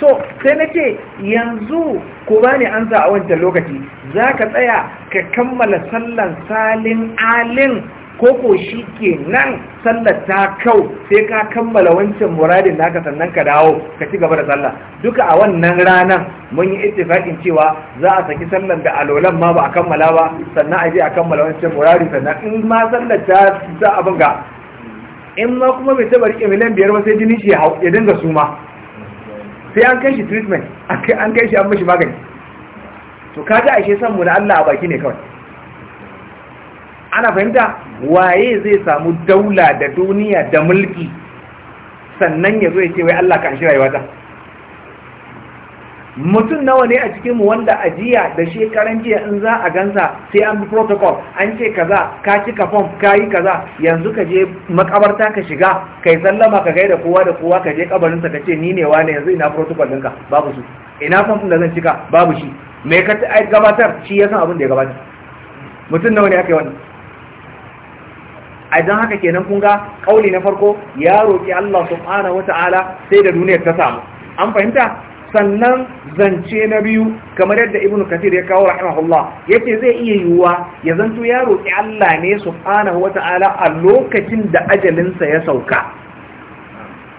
S2: to sai na ce yanzu ko ba ne an za a wancan lokaci za ka tsaya ka kammala sallan salin alin koko shi ke nan sallar ta kau sai ka kammala wancan muradin naka sannan ka dawo ka ci gaba da sallar duka a wannan ranar mun yi ittifaqin cewa za a saki sallar da alolan ma ba a kammala ba sannan a je a kammala wancan muradin sannan in ma sallar ta za a buga? in ma kuma bai taɓa riƙe miliyan biyar ba sai jini shi ya dinga suma sai an kai shi treatment an kai shi an mashi magani to kaga ashe san mu da Allah a baki ne kawai ana fahimta waye zai samu daula da duniya da mulki sannan ya zo ya ce wai Allah kan shi ta mutum nawa ne a cikinmu wanda ajiya da shekaran jiya in za a gansa sai an bi protocol an ce kaza ka cika fom ka yi kaza yanzu ka je makabarta ka shiga kai sallama ka gaida kowa da kowa ka je kabarinsa ka ce ni ne wane yanzu ina protocol ɗinka babu su ina fom ɗin da zan cika babu shi me ka gabatar shi ya san abin da ya gabatar mutum nawa ne aka yi wannan a don haka kenan kun ga kauli na farko ya roƙi Allah subhanahu ta'ala sai da duniyar ta samu an fahimta sannan zance na biyu kamar yadda ibnu kathir ya kawo rahimahullah yace zai iya yiwuwa ya zanto ya roki Allah ne subhanahu wata'ala a lokacin da ajalinsa ya sauka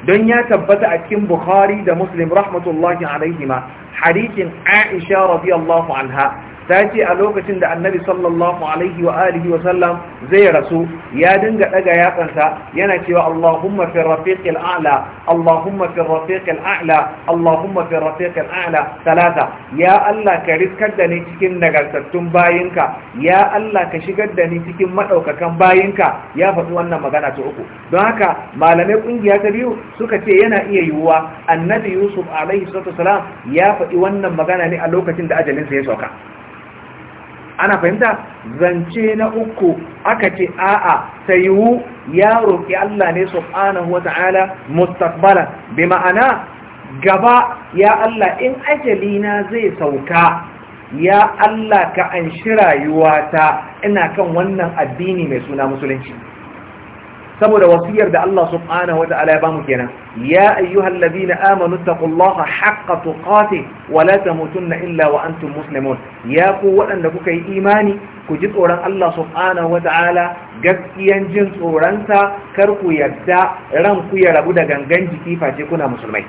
S2: don ya tabbata a cikin bukhari da muslim rahmatullahi alaihima hadisin aisha radiyallahu anha ta ce a lokacin da annabi sallallahu alaihi wa alihi wa sallam zai rasu ya dinga daga yatsansa yana cewa Allahumma fi rafiqil a'la Allahumma fi rafiqil a'la Allahumma fi rafiqil a'la talata ya Allah ka riskar da ni cikin nagartattun bayinka ya Allah ka shigar da ni cikin madaukakan bayinka ya faɗi wannan magana ta uku don haka malamai kungiya ta biyu suka ce yana iya yiwuwa annabi Yusuf alaihi salatu ya faɗi wannan magana ne a lokacin da ajalinsa ya sauka ana fahimta zance na uku aka ce a'a sayu ya roƙi Allah ne subhanahu wata'ala mustaqbala bi ma'ana gaba ya Allah in ajalina zai sauka ya Allah ka anshi rayuwata ina kan wannan addini mai suna musulunci saboda wasiyar da Allah subhanahu wa ta'ala ya bamu kenan ya ayyuhal ladina amanu taqullaha haqqa tuqati wa la tamutunna illa wa antum muslimun ya ku waɗanda kuka yi imani ku ji tsoron Allah subhanahu wa ta'ala gaskiyan jin tsoronsa kar ku yarda ran ku ya rabu da gangan jiki face kuna musulmai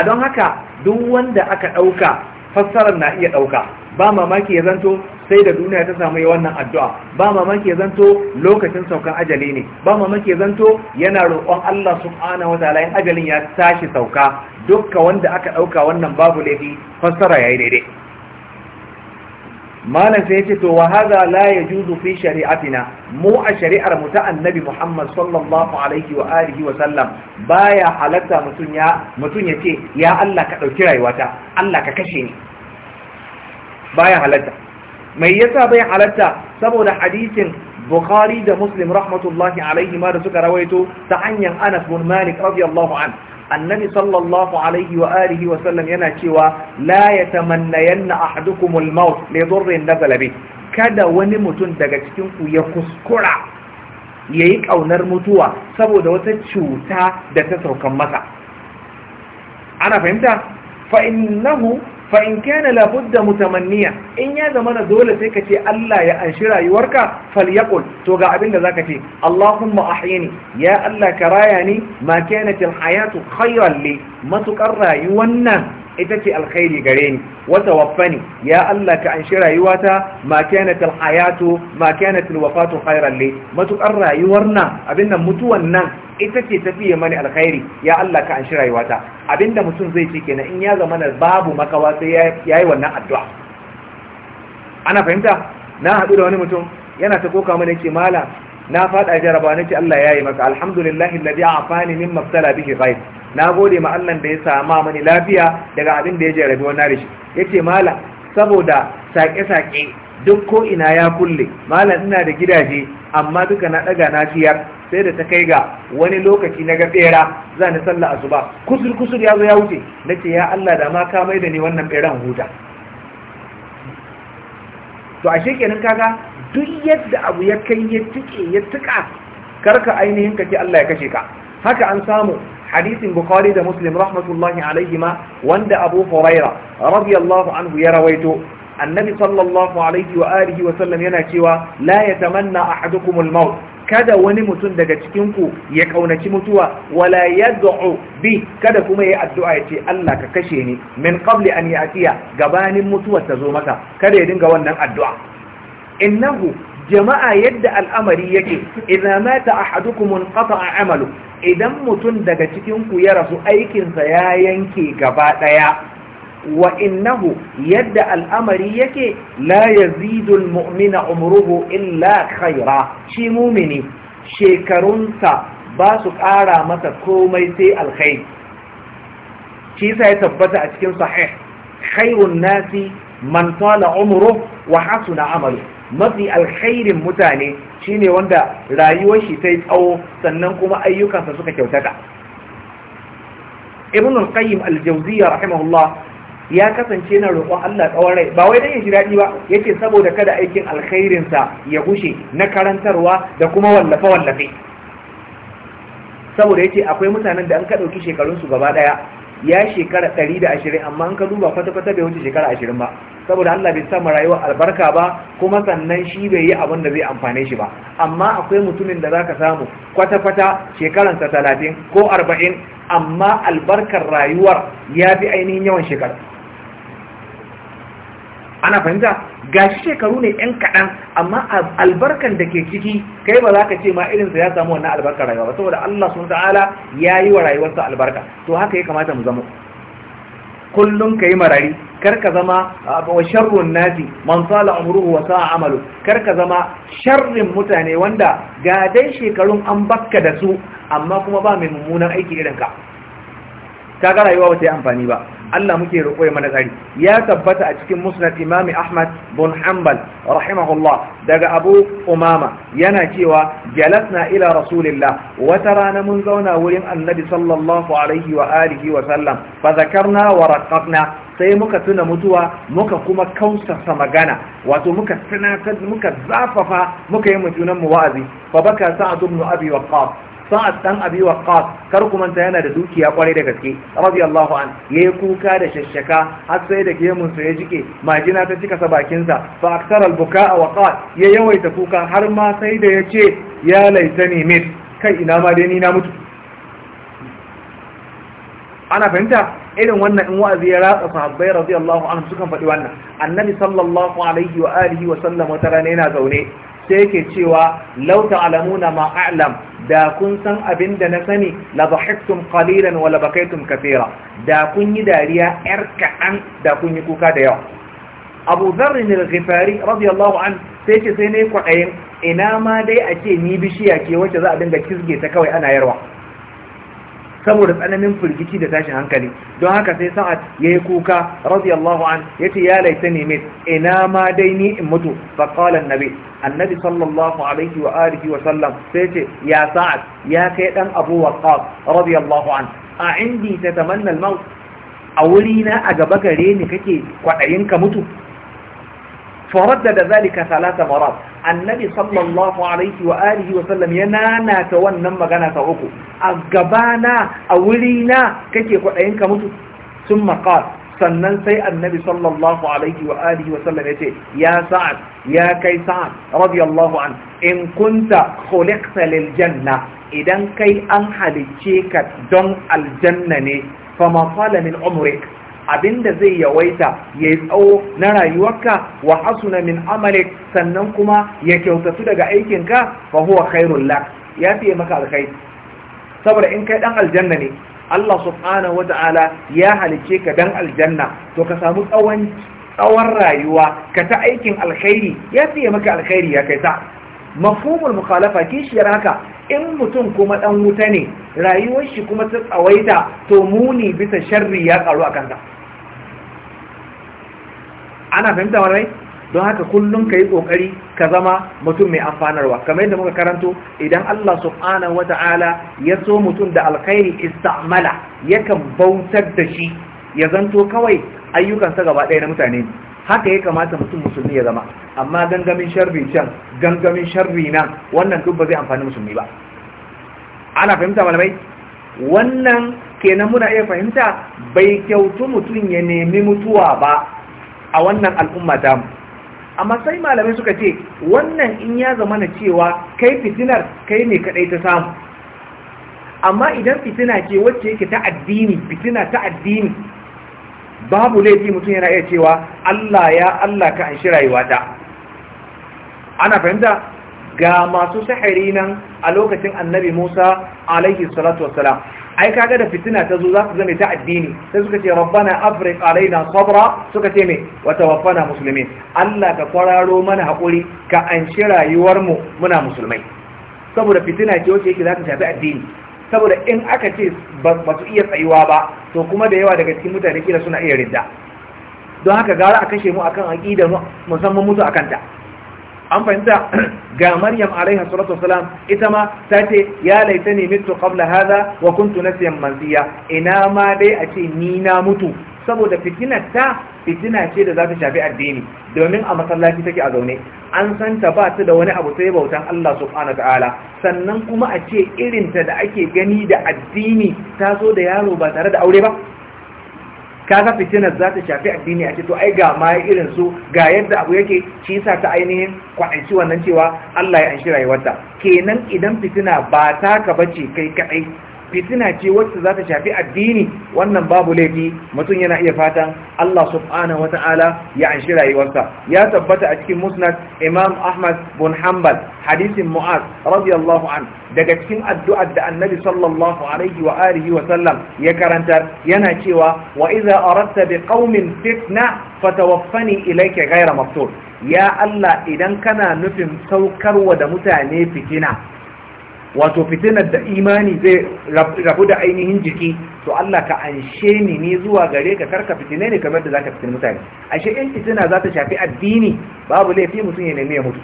S2: a don haka duk wanda aka ɗauka fassarar na iya ɗauka ba mamaki ya zanto sai da duniya ta samu yi wannan addu'a ba mamaki zanto lokacin saukan ajali ne ba mamaki zanto yana roƙon Allah subhanahu wa ta'ala in ajalin ya tashi sauka dukka wanda aka ɗauka wannan babu laifi fassara yayi daidai malam sai ce to wa ya la yajuzu fi shari'atina mu a shari'ar mu ta annabi Muhammad sallallahu alaihi wa alihi wa sallam baya halatta mutum ya mutun yace ya Allah ka ɗauki rayuwata Allah ka kashe ni baya halatta mai yasa bai halatta saboda hadisin bukhari da muslim rahmatullahi alaihi ma da suka rawaito ta hanyar anas bin malik radiyallahu an annabi sallallahu alaihi wa alihi wa sallam yana cewa la yatamannayanna ahadukum al-maut li dhurrin nazala bi kada wani mutum daga cikin ku ya kuskura yayi kaunar mutuwa saboda wata cuta da ta saukan masa ana fahimta fa innahu fa in kana la da mutamanniya in ya zama na dole sai ka ce Allah ya anshi rayuwarka falyaqul to ga abin da ka ce Allahumma ahyini ya Allah ka raya ni ma kanat alhayatu khayran li matukar rayuwan nan ita ce alkhairi gare ni wa tawaffani ya Allah ka anshi rayuwata ma kanat alhayatu ma kanat alwafatu khairan li matukar rayuwar nan abin nan mutuwan nan ita ce tafiye mani alkhairi ya Allah ka anshi rayuwata abinda mutum zai ce kenan in ya zama babu makawa sai yayi wannan addu'a ana fahimta na haɗu da wani mutum yana ta koka mana ce mala na faɗa jaraba nake Allah yayi maka alhamdulillahi alladhi afani mimma ibtala bihi ghayr na gode ma Allah da ya sama mani lafiya daga abin da ya jarabi wannan rishi yace mala saboda sake-sake duk ko ina ya kulle malam ina da gidaje amma duka na daga na ciyar sai da ta kai ga wani lokaci na ga bera za ni sallah asuba kusur kusur ya zo ya wuce nace ya Allah da ma ka mai da ni wannan beran huta to ashe kenan kaga duk yadda abu ya kai ya tike ya tuka karka ainihin kake Allah ya kashe ka haka an samu hadisin bukhari da muslim rahmatullahi alaihima wanda abu huraira radiyallahu anhu ya rawaito annabi sallallahu alaihi wa alihi wa sallam yana cewa la yatamanna ahadukum al kada wani mutum daga cikin ku ya kaunaci mutuwa wala yad'u bi kada kuma yayi addu'a ya ce Allah ka kashe ni min qabli an ya'tiya gabanin mutuwa ta zo maka kada ya dinga wannan addu'a innahu jama'a yadda al'amari yake idza mata ahadukum a 'amalu idan mutun daga cikin ku ya rasu aikin sa ya yanke gaba daya wa innahu yadda al'amari yake la yazidu almu'mina umruhu illa khaira shi mu'mini shekarunsa ba su ƙara masa komai sai alkhair shi ya tabbata a cikin sahih khairun nasi man tala umruhu wa hasuna amalu mafi alkhairin mutane shine wanda rayuwar shi ta yi tsawo sannan kuma ayyukansa suka kyautata ibn al-qayyim al-jawziyya rahimahullah ya kasance na roƙon Allah tsawon rai ba wai dan ya ji daɗi ba yake saboda kada aikin alkhairin sa ya gushe na karantarwa da kuma wallafe wallafe saboda yace akwai mutanen da an ka dauki shekarun su gaba daya ya shekara 120 amma an ka duba kwata kwata bai wuce shekara 20 ba saboda Allah bai sa rayuwar albarka ba kuma sannan shi bai yi abin da zai amfane shi ba amma akwai mutumin da zaka samu kwata-kwata shekaransa talatin ko arba'in amma albarkar rayuwar ya fi ainihin yawan shekaru ana fahimta ga shekaru ne yan kaɗan amma albarkan da ke ciki kai ba za ka ce ma irinsa ya samu wannan albarkar rayuwa ba saboda Allah sun ta'ala ya yi wa rayuwarsa albarka to haka ya kamata mu zama kullum ka yi marari karka zama ah, wa sharrun nasi man sala umruhu wa sa'a amalu kar ka zama sharrin mutane wanda ga dai shekarun an bakka da su amma kuma ba mai mummunan aiki irin ka kaga rayuwa ba ta yi amfani ba Allah muke roƙo ya mana tsari ya tabbata a cikin musnad Imami Ahmad bin Hanbal rahimahullah daga Abu Umama yana cewa jalasna ila Rasulillah wata rana mun zauna wurin Annabi sallallahu alaihi wa alihi wa sallam fa zakarna wa raqaqna sai muka tuna mutuwa muka kuma kausarsa magana wato muka tunatar muka zafafa muka yi mutunan mu wa'azi fa baka sa'ad ibn abi waqqas sa'ad dan abi waqqas kar ku manta yana da dukiya kwarai da gaske radiyallahu an yayi kuka da shashshaka har sai da gemun sa ya jike majina ta cika sa bakin sa fa aktar al wa ya yawaita kuka har ma sai da yace ya laitani mit kai ina ma dai ni na mutu ana fahimta irin wannan in wa'azi ya ratsa sahabbai radiyallahu anhu sukan faɗi wannan annabi sallallahu alaihi wa alihi wa sallam wata rana yana zaune sai yake cewa lauta alamuna ma a'lam da kun san abin da na sani la dhahiktum wa la bakaytum kafira da kun yi dariya yar ka'an da kun yi kuka da yawa Abu Dharr al radiyallahu an sai ce sai ne kwaɗayin ina ma dai a ce ni bishiya ke wacce za a dinga kisge ta kawai ana yarwa saboda tsananin firgici da tashin hankali don haka sai sa'ad ya yi kuka radiyallahu an ya ce ya laita ne ina ma dai ni in mutu faƙalan nabi annabi sallallahu alaihi wa alihi wa sallam sai ce ya sa'ad ya kai dan abu waqas radiyallahu an a indi tatamanna al-maut a wurina a gaba gare ni kake kwaɗayin ka mutu فردد ذلك ثلاث مرات النبي صلى الله عليه وآله وسلم ينانا uku a gabana a أولينا كيكي قرأين كمتو ثم قال sannan sai annabi sallallahu alaihi wa alihi wa sallam yace ya sa'ad ya kai sa'ad radiyallahu an in kunta khuliqta lil janna idan kai an halicce ka don aljanna ne fama qala min umrik abinda zai yawaita ya yi tsawo na rayuwarka wa hasuna min amalik sannan kuma ya kyautatu daga aikinka fa huwa khairul lak ya fiye maka alkhairi saboda in kai dan aljanna ne Allah subhanahu wata'ala ya halice ka dan aljanna to ka samu tsawon tsawon rayuwa ka ta aikin alkhairi ya fiye maka alkhairi ya kai ta mafhumul mukhalafa kishiyar haka in mutum kuma dan wuta ne rayuwar shi kuma ta tsawaita to muni bisa sharri ya karu a kanta ana fahimta wani don haka kullum ka yi ƙoƙari ka zama mutum mai amfanarwa kamar yadda muka karanto idan Allah subhanahu wa ta'ala ya so mutum da alkhairi istamala yakan bautar da shi ya zanto kawai ayyukansa gaba ɗaya na mutane haka ya kamata mutum musulmi ya zama amma gangamin sharri can gangamin sharri nan wannan duk ba zai amfani musulmi ba ana fahimta malamai wannan kenan muna iya fahimta bai kyautu mutum ya nemi mutuwa ba a wannan al'umma mu. amma sai malamai suka ce wannan in ya zama na cewa kai fitinar kai ne kadai ta samu amma idan fitina ce wacce yake ta addini fitina ta addini babu laifi mutum yana iya cewa Allah ya Allah ka anshi rayuwata ana fahimta ga masu sahiri nan a lokacin annabi Musa alaihi salatu wassalam ai kaga da fitina ta zo za su zame ta addini sai suka ce rabbana afriq alaina sabra suka ce me wa tawaffana muslimin Allah ka kwararo mana hakuri ka anshi rayuwar mu muna musulmai saboda fitina ce wacce yake za ta shafi addini saboda in aka ce ba su iya tsayuwa ba to kuma da yawa daga cikin mutane kila suna iya ridda don haka gara a kashe mu akan aqida musamman mutu akan ta an fahimta ga maryam alaiha salatu wasalam ita ma ta ce ya laitani mitu qabla hadha wa kuntu nasiyan manziya ina ma dai a ce ni na mutu saboda fitinar ta fitina ce da za ta shafi addini domin a masallaci take a zaune an san ta ba ta da wani abu sai bautan Allah subhanahu ta'ala sannan kuma a ce irin ta da ake gani da addini ta zo da yaro ba tare da aure ba kaga fitinar za ta shafi addini a ce to ai ga ma irin su ga yadda abu yake shi sa ta ainihin kwanci wannan cewa Allah ya anshi rayuwarta kenan idan fitina ba ta ka bace kai kaɗai. fitina ce wacce za ta shafi addini wannan babu laifi mutum yana iya fatan Allah subhanahu wata'ala ya anshi rayuwarsa ya tabbata a cikin musnad imam ahmad bin hanbal hadisin mu'az radiyallahu an daga cikin addu'ar da annabi sallallahu alaihi wa alihi wa sallam ya karanta yana cewa wa idza aradta bi qaumin fitna fatawaffani ilayka ghayra maftur ya Allah idan kana nufin saukarwa da mutane fitina wato fitinar da imani zai rabu da ainihin jiki to Allah ka anshe ni ne zuwa gare ka karka fitine ne kamar da zaka fitin mutane ashe in fitina za ta shafi addini babu laifi mutum ya nemi ya mutu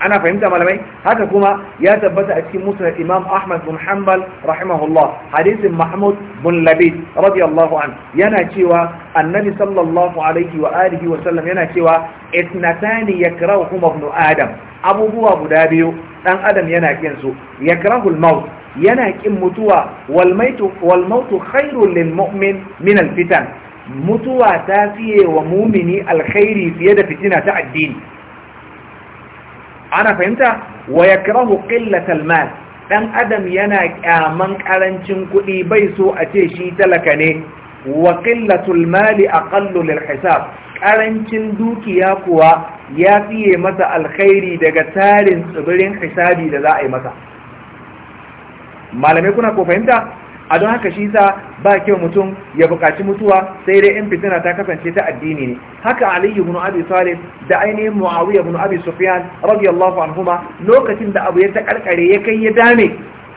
S2: ana fahimta malamai haka kuma ya tabbata a cikin musnad imam ahmad bin hanbal rahimahullah hadisin mahmud bin labid radiyallahu an yana cewa annabi sallallahu alaihi wa alihi wa sallam yana cewa itnatani yakrahuhuma ibn adam abubuwa guda biyu dan adam yana kin su yakrahu al-maut yana kin mutuwa wal mautu wal mautu khairul lil mu'min min al-fitan mutuwa ta fiye wa mumini alkhairi fiye da fitina ta addini ana fahimta wa yakrahu qillatal mal ɗan adam yana kyaman ƙarancin kuɗi bai so a ce shi talaka ne wa qillatul mal aqallu lil hisab ƙarancin dukiya kuwa ya fiye masa alkhairi daga tarin tsibirin hisabi da za a yi masa malamai kuna ko fahimta a don haka shi sa ba kyau mutum ya bukaci mutuwa sai dai in fitina ta kasance ta addini ne haka aliyu ibn abi talib da ainihin muawiya ibn abi sufyan radiyallahu anhuma lokacin da abu ya ta karkare ya kai ya dame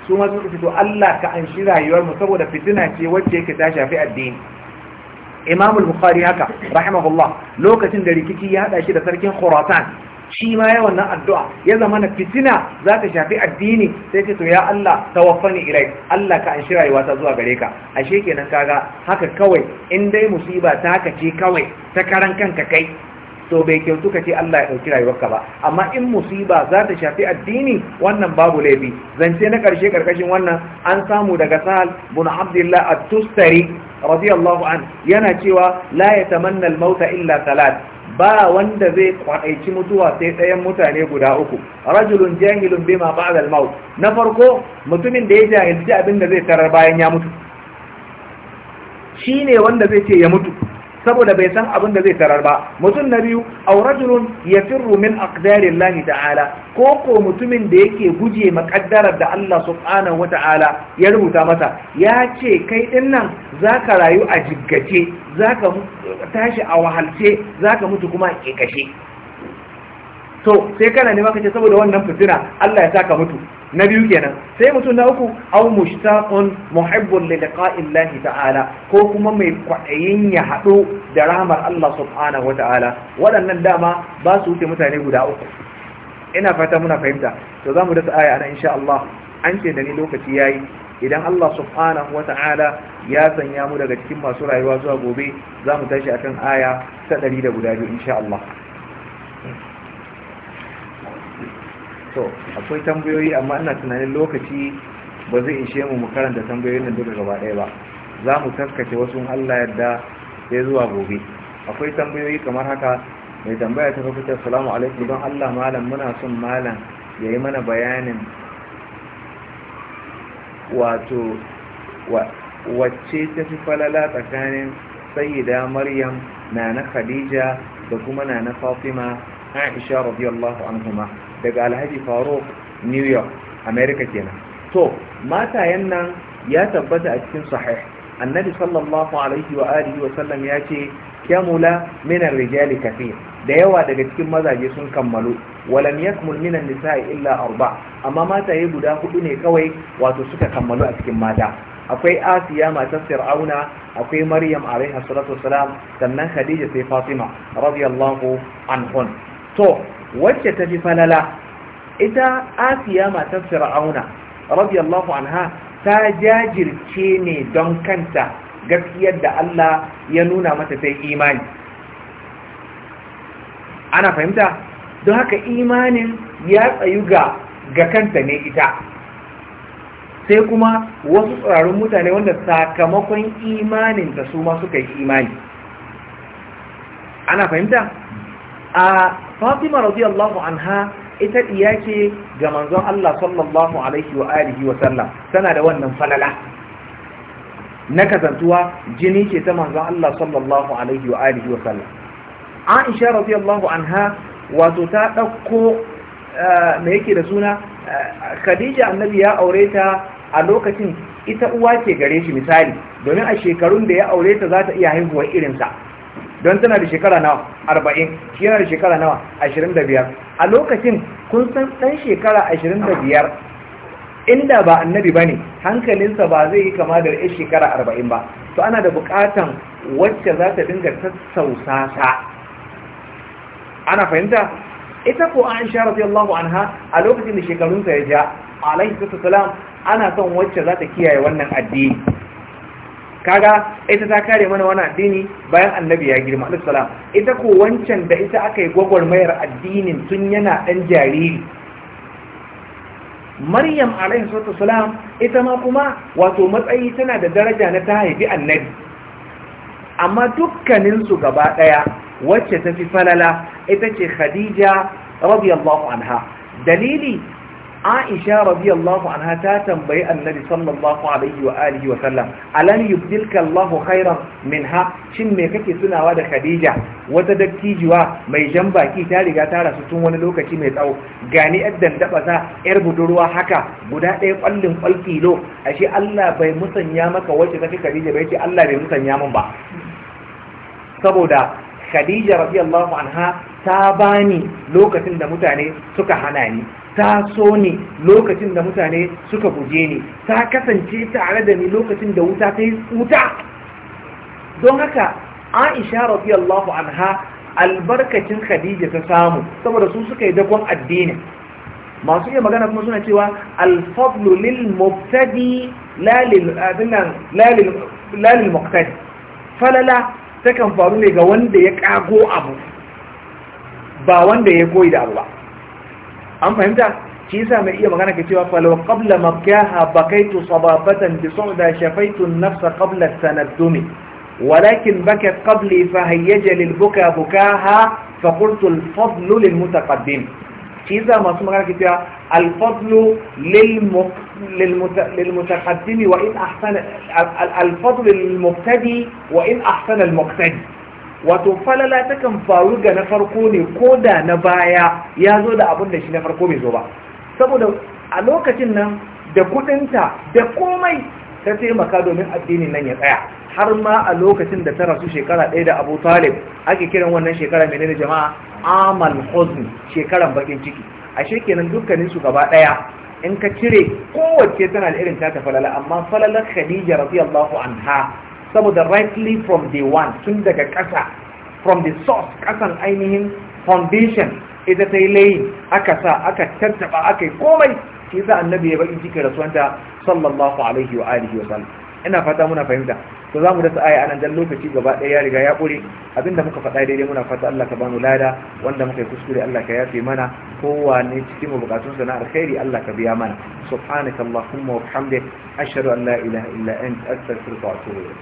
S2: su ma sun fito Allah ka an shi rayuwar mu saboda fitina ce wacce yake ta shafi addini Imam al-Bukhari haka rahimahullah lokacin da rikici ya hada shi da sarkin Khurasan shi ma yawan nan addu'a ya zama na fitina za ta shafi addini sai ce to ya Allah tawaffani ilai Allah ka an shi rayuwa ta zuwa gare ka ashe kenan kaga haka kawai in dai musiba ta ce kawai ta karan kanka kai to bai kyautu ka ce Allah ya ɗauki rayuwarka ba amma in musiba za ta shafi addini wannan babu laifi zance na ƙarshe ƙarƙashin wannan an samu daga sahal bin Abdullahi at-tustari radiyallahu an yana cewa la yatamanna al-mauta illa salat ba wanda zai kwanaici mutuwa sai ɗayan mutane guda uku rajulun jahilun ma ba'da al-maut na farko mutumin da ya jahilci abin da zai tarar bayan ya mutu Shi ne wanda zai ce ya mutu saboda bai san abin da zai tarar ba mutum na biyu aw rajulun yafirru min aqdarillahi ta'ala ko ko mutumin da yake guje makaddarar da Allah subhanahu wata'ala ya rubuta masa ya ce kai din nan zaka rayu a jiggace zaka tashi a wahalce zaka mutu kuma a kekashe to sai kana nema kace saboda wannan fitina Allah ya saka mutu na biyu kenan sai mutum na uku aw mushtaqun muhibbun li liqa'illahi ta'ala ko kuma mai kwadayin ya hado da rahmar Allah subhanahu ta'ala. waɗannan dama ba su wuce mutane guda uku ina fata muna fahimta to zamu dasa aya ana insha Allah an ce da ni lokaci yayi idan Allah subhanahu wa ta'ala ya sanya mu daga cikin masu rayuwa zuwa gobe za mu tashi akan aya ta ɗari da guda biyu insha Allah to akwai tambayoyi amma ina tunanin lokaci ba zai ishe mu mu karanta tambayoyin nan duka gaba ɗaya ba za mu taskace wasu Allah yadda sai zuwa gobe akwai tambayoyi kamar haka mai tambaya ta farko ta salamu alaikum don Allah malam muna son malam ya yi mana bayanin wato wacce ta fi falala tsakanin sayyida maryam na na khadija da kuma na na fatima aisha radiyallahu anhuma daga alhaji Faruk new york america kenan to matayen nan ya tabbata a cikin sahih annabi sallallahu alaihi wa alihi wa sallam ya ce kyamula minan rijali kafir da yawa daga cikin mazaje sun kammalu walam yakmul minan nisa'i illa arba amma mataye guda hudu ne kawai wato suka kammalu a cikin mata akwai asiya matar fir'auna akwai maryam alaiha salatu wassalam sannan khadija sai fatima radiyallahu anhu to wacce ta fi falala ita asiya matar fir'auna radiyallahu anha ta jajirce ne don kanta gaskiyar da Allah ya nuna mata sai imani ana fahimta don haka imanin ya tsayu ga ga kanta ne ita sai kuma wasu tsirarun mutane wanda sakamakon imanin da su ma suka yi imani ana fahimta a fatima radiyallahu anha ita iyake ce ga manzon Allah sallallahu alaihi wa alihi wa sallam tana da wannan falala na kazantuwa jini ke ta manzon Allah sallallahu alaihi wa alihi wa sallam Aisha radiyallahu anha wato ta dauko eh, me yake da suna eh, Khadija annabi ya aure ta a lokacin ita uwa ce gare shi misali domin a shekarun da ya aure ta za ta iya haihuwar irinsa don tana da shekara nawa arba'in shi yana da shekara nawa ashirin da biyar a lokacin kun san ɗan shekara ashirin da biyar inda ba annabi ba ne hankalinsa ba zai yi kama da yan shekara arba'in ba to ana da buƙatan wacce za ta dinga sassausa ta ana fahimta ita ko an sha Allahu anha a lokacin da shekarunsa ya ja alaihi sallam ana son wacce za ta kiyaye wannan addini kaga ita ta kare mana wani addini bayan annabi ya girma alisalam ita ko wancan da ita aka yi gwagwarmayar addinin tun yana ɗan jariri maryam alaihi ita ma kuma wato matsayi tana da daraja na ta haifi annabi amma dukkaninsu gaba ɗaya wacce ta fi falala ita ce khadija radiyallahu anha dalili aisha radiyallahu anha ta tambayi annabi sallallahu alaihi wa alihi wa sallam alam yubdilka Allahu khairan minha shin me kake tunawa da Khadija wata dattijuwa mai jan baki ta riga ta rasu tun wani lokaci mai tsawo gani addan daba ta yar budurwa haka guda ɗaya kwallin kwalfilo ashe Allah bai musanya maka wacce ta fi Khadija bai ce Allah bai musanya min ba saboda Khadija radiyallahu anha ta bani lokacin da mutane suka hana ni ta so ni lokacin da mutane suka guje ni ta kasance tare da ni lokacin da wuta ta yi wuta don haka aisha an anha albarkacin khadija ta samu saboda su suka yi dakon addini masu iya magana kuma suna cewa alfablu lil mubtadi lalil lil falala falala takan faru ne ga wanda ya kago abu ba wanda ya koyi da abu ba an fahimta shi yasa mai iya magana ke cewa falau qabla maqyaha bakaitu sababatan bi su'da shafaitu an-nafsa qabla ولكن بكت قبلي فهيج للبكى بكاها فقلت الفضل للمتقدم شيزا ما سمع كتير الفضل للمت... للمت... للمتقدم وإن أحسن الفضل للمبتدي وإن أحسن المقتدي wato falala takan faru ga na farko ne ko da na baya ya zo da abin da shi na farko bai zo ba saboda a lokacin nan da kudinta da komai ta taimaka domin addinin nan ya tsaya har ma a lokacin da ta rasu shekara ɗaya da abu talib ake kiran wannan shekara mai jama'a amal hosni shekaran bakin ciki a shekenan dukkanin su gaba ɗaya in ka cire kowace tana da irin ta falala amma falalar khadija an anha saboda rightly from day one tun daga ƙasa from the source ƙasan ainihin foundation ita ta yi layi aka sa aka tattaba aka yi komai shi za annabi ya baƙin jikin rasuwanta sallallahu alaihi wa alihi wa sallam ina fata muna fahimta to zamu dasa aya anan dan lokaci gaba ɗaya ya riga ya ƙure abinda muka faɗa daidai muna fata Allah ka ba mu lada wanda muka yi kuskure Allah ka yafe mana kowane cikin mu bukatun sa na alkhairi Allah ka biya mana subhanaka allahumma wa bihamdik ashhadu
S1: an la ilaha illa anta astaghfiruka wa atubu ilayk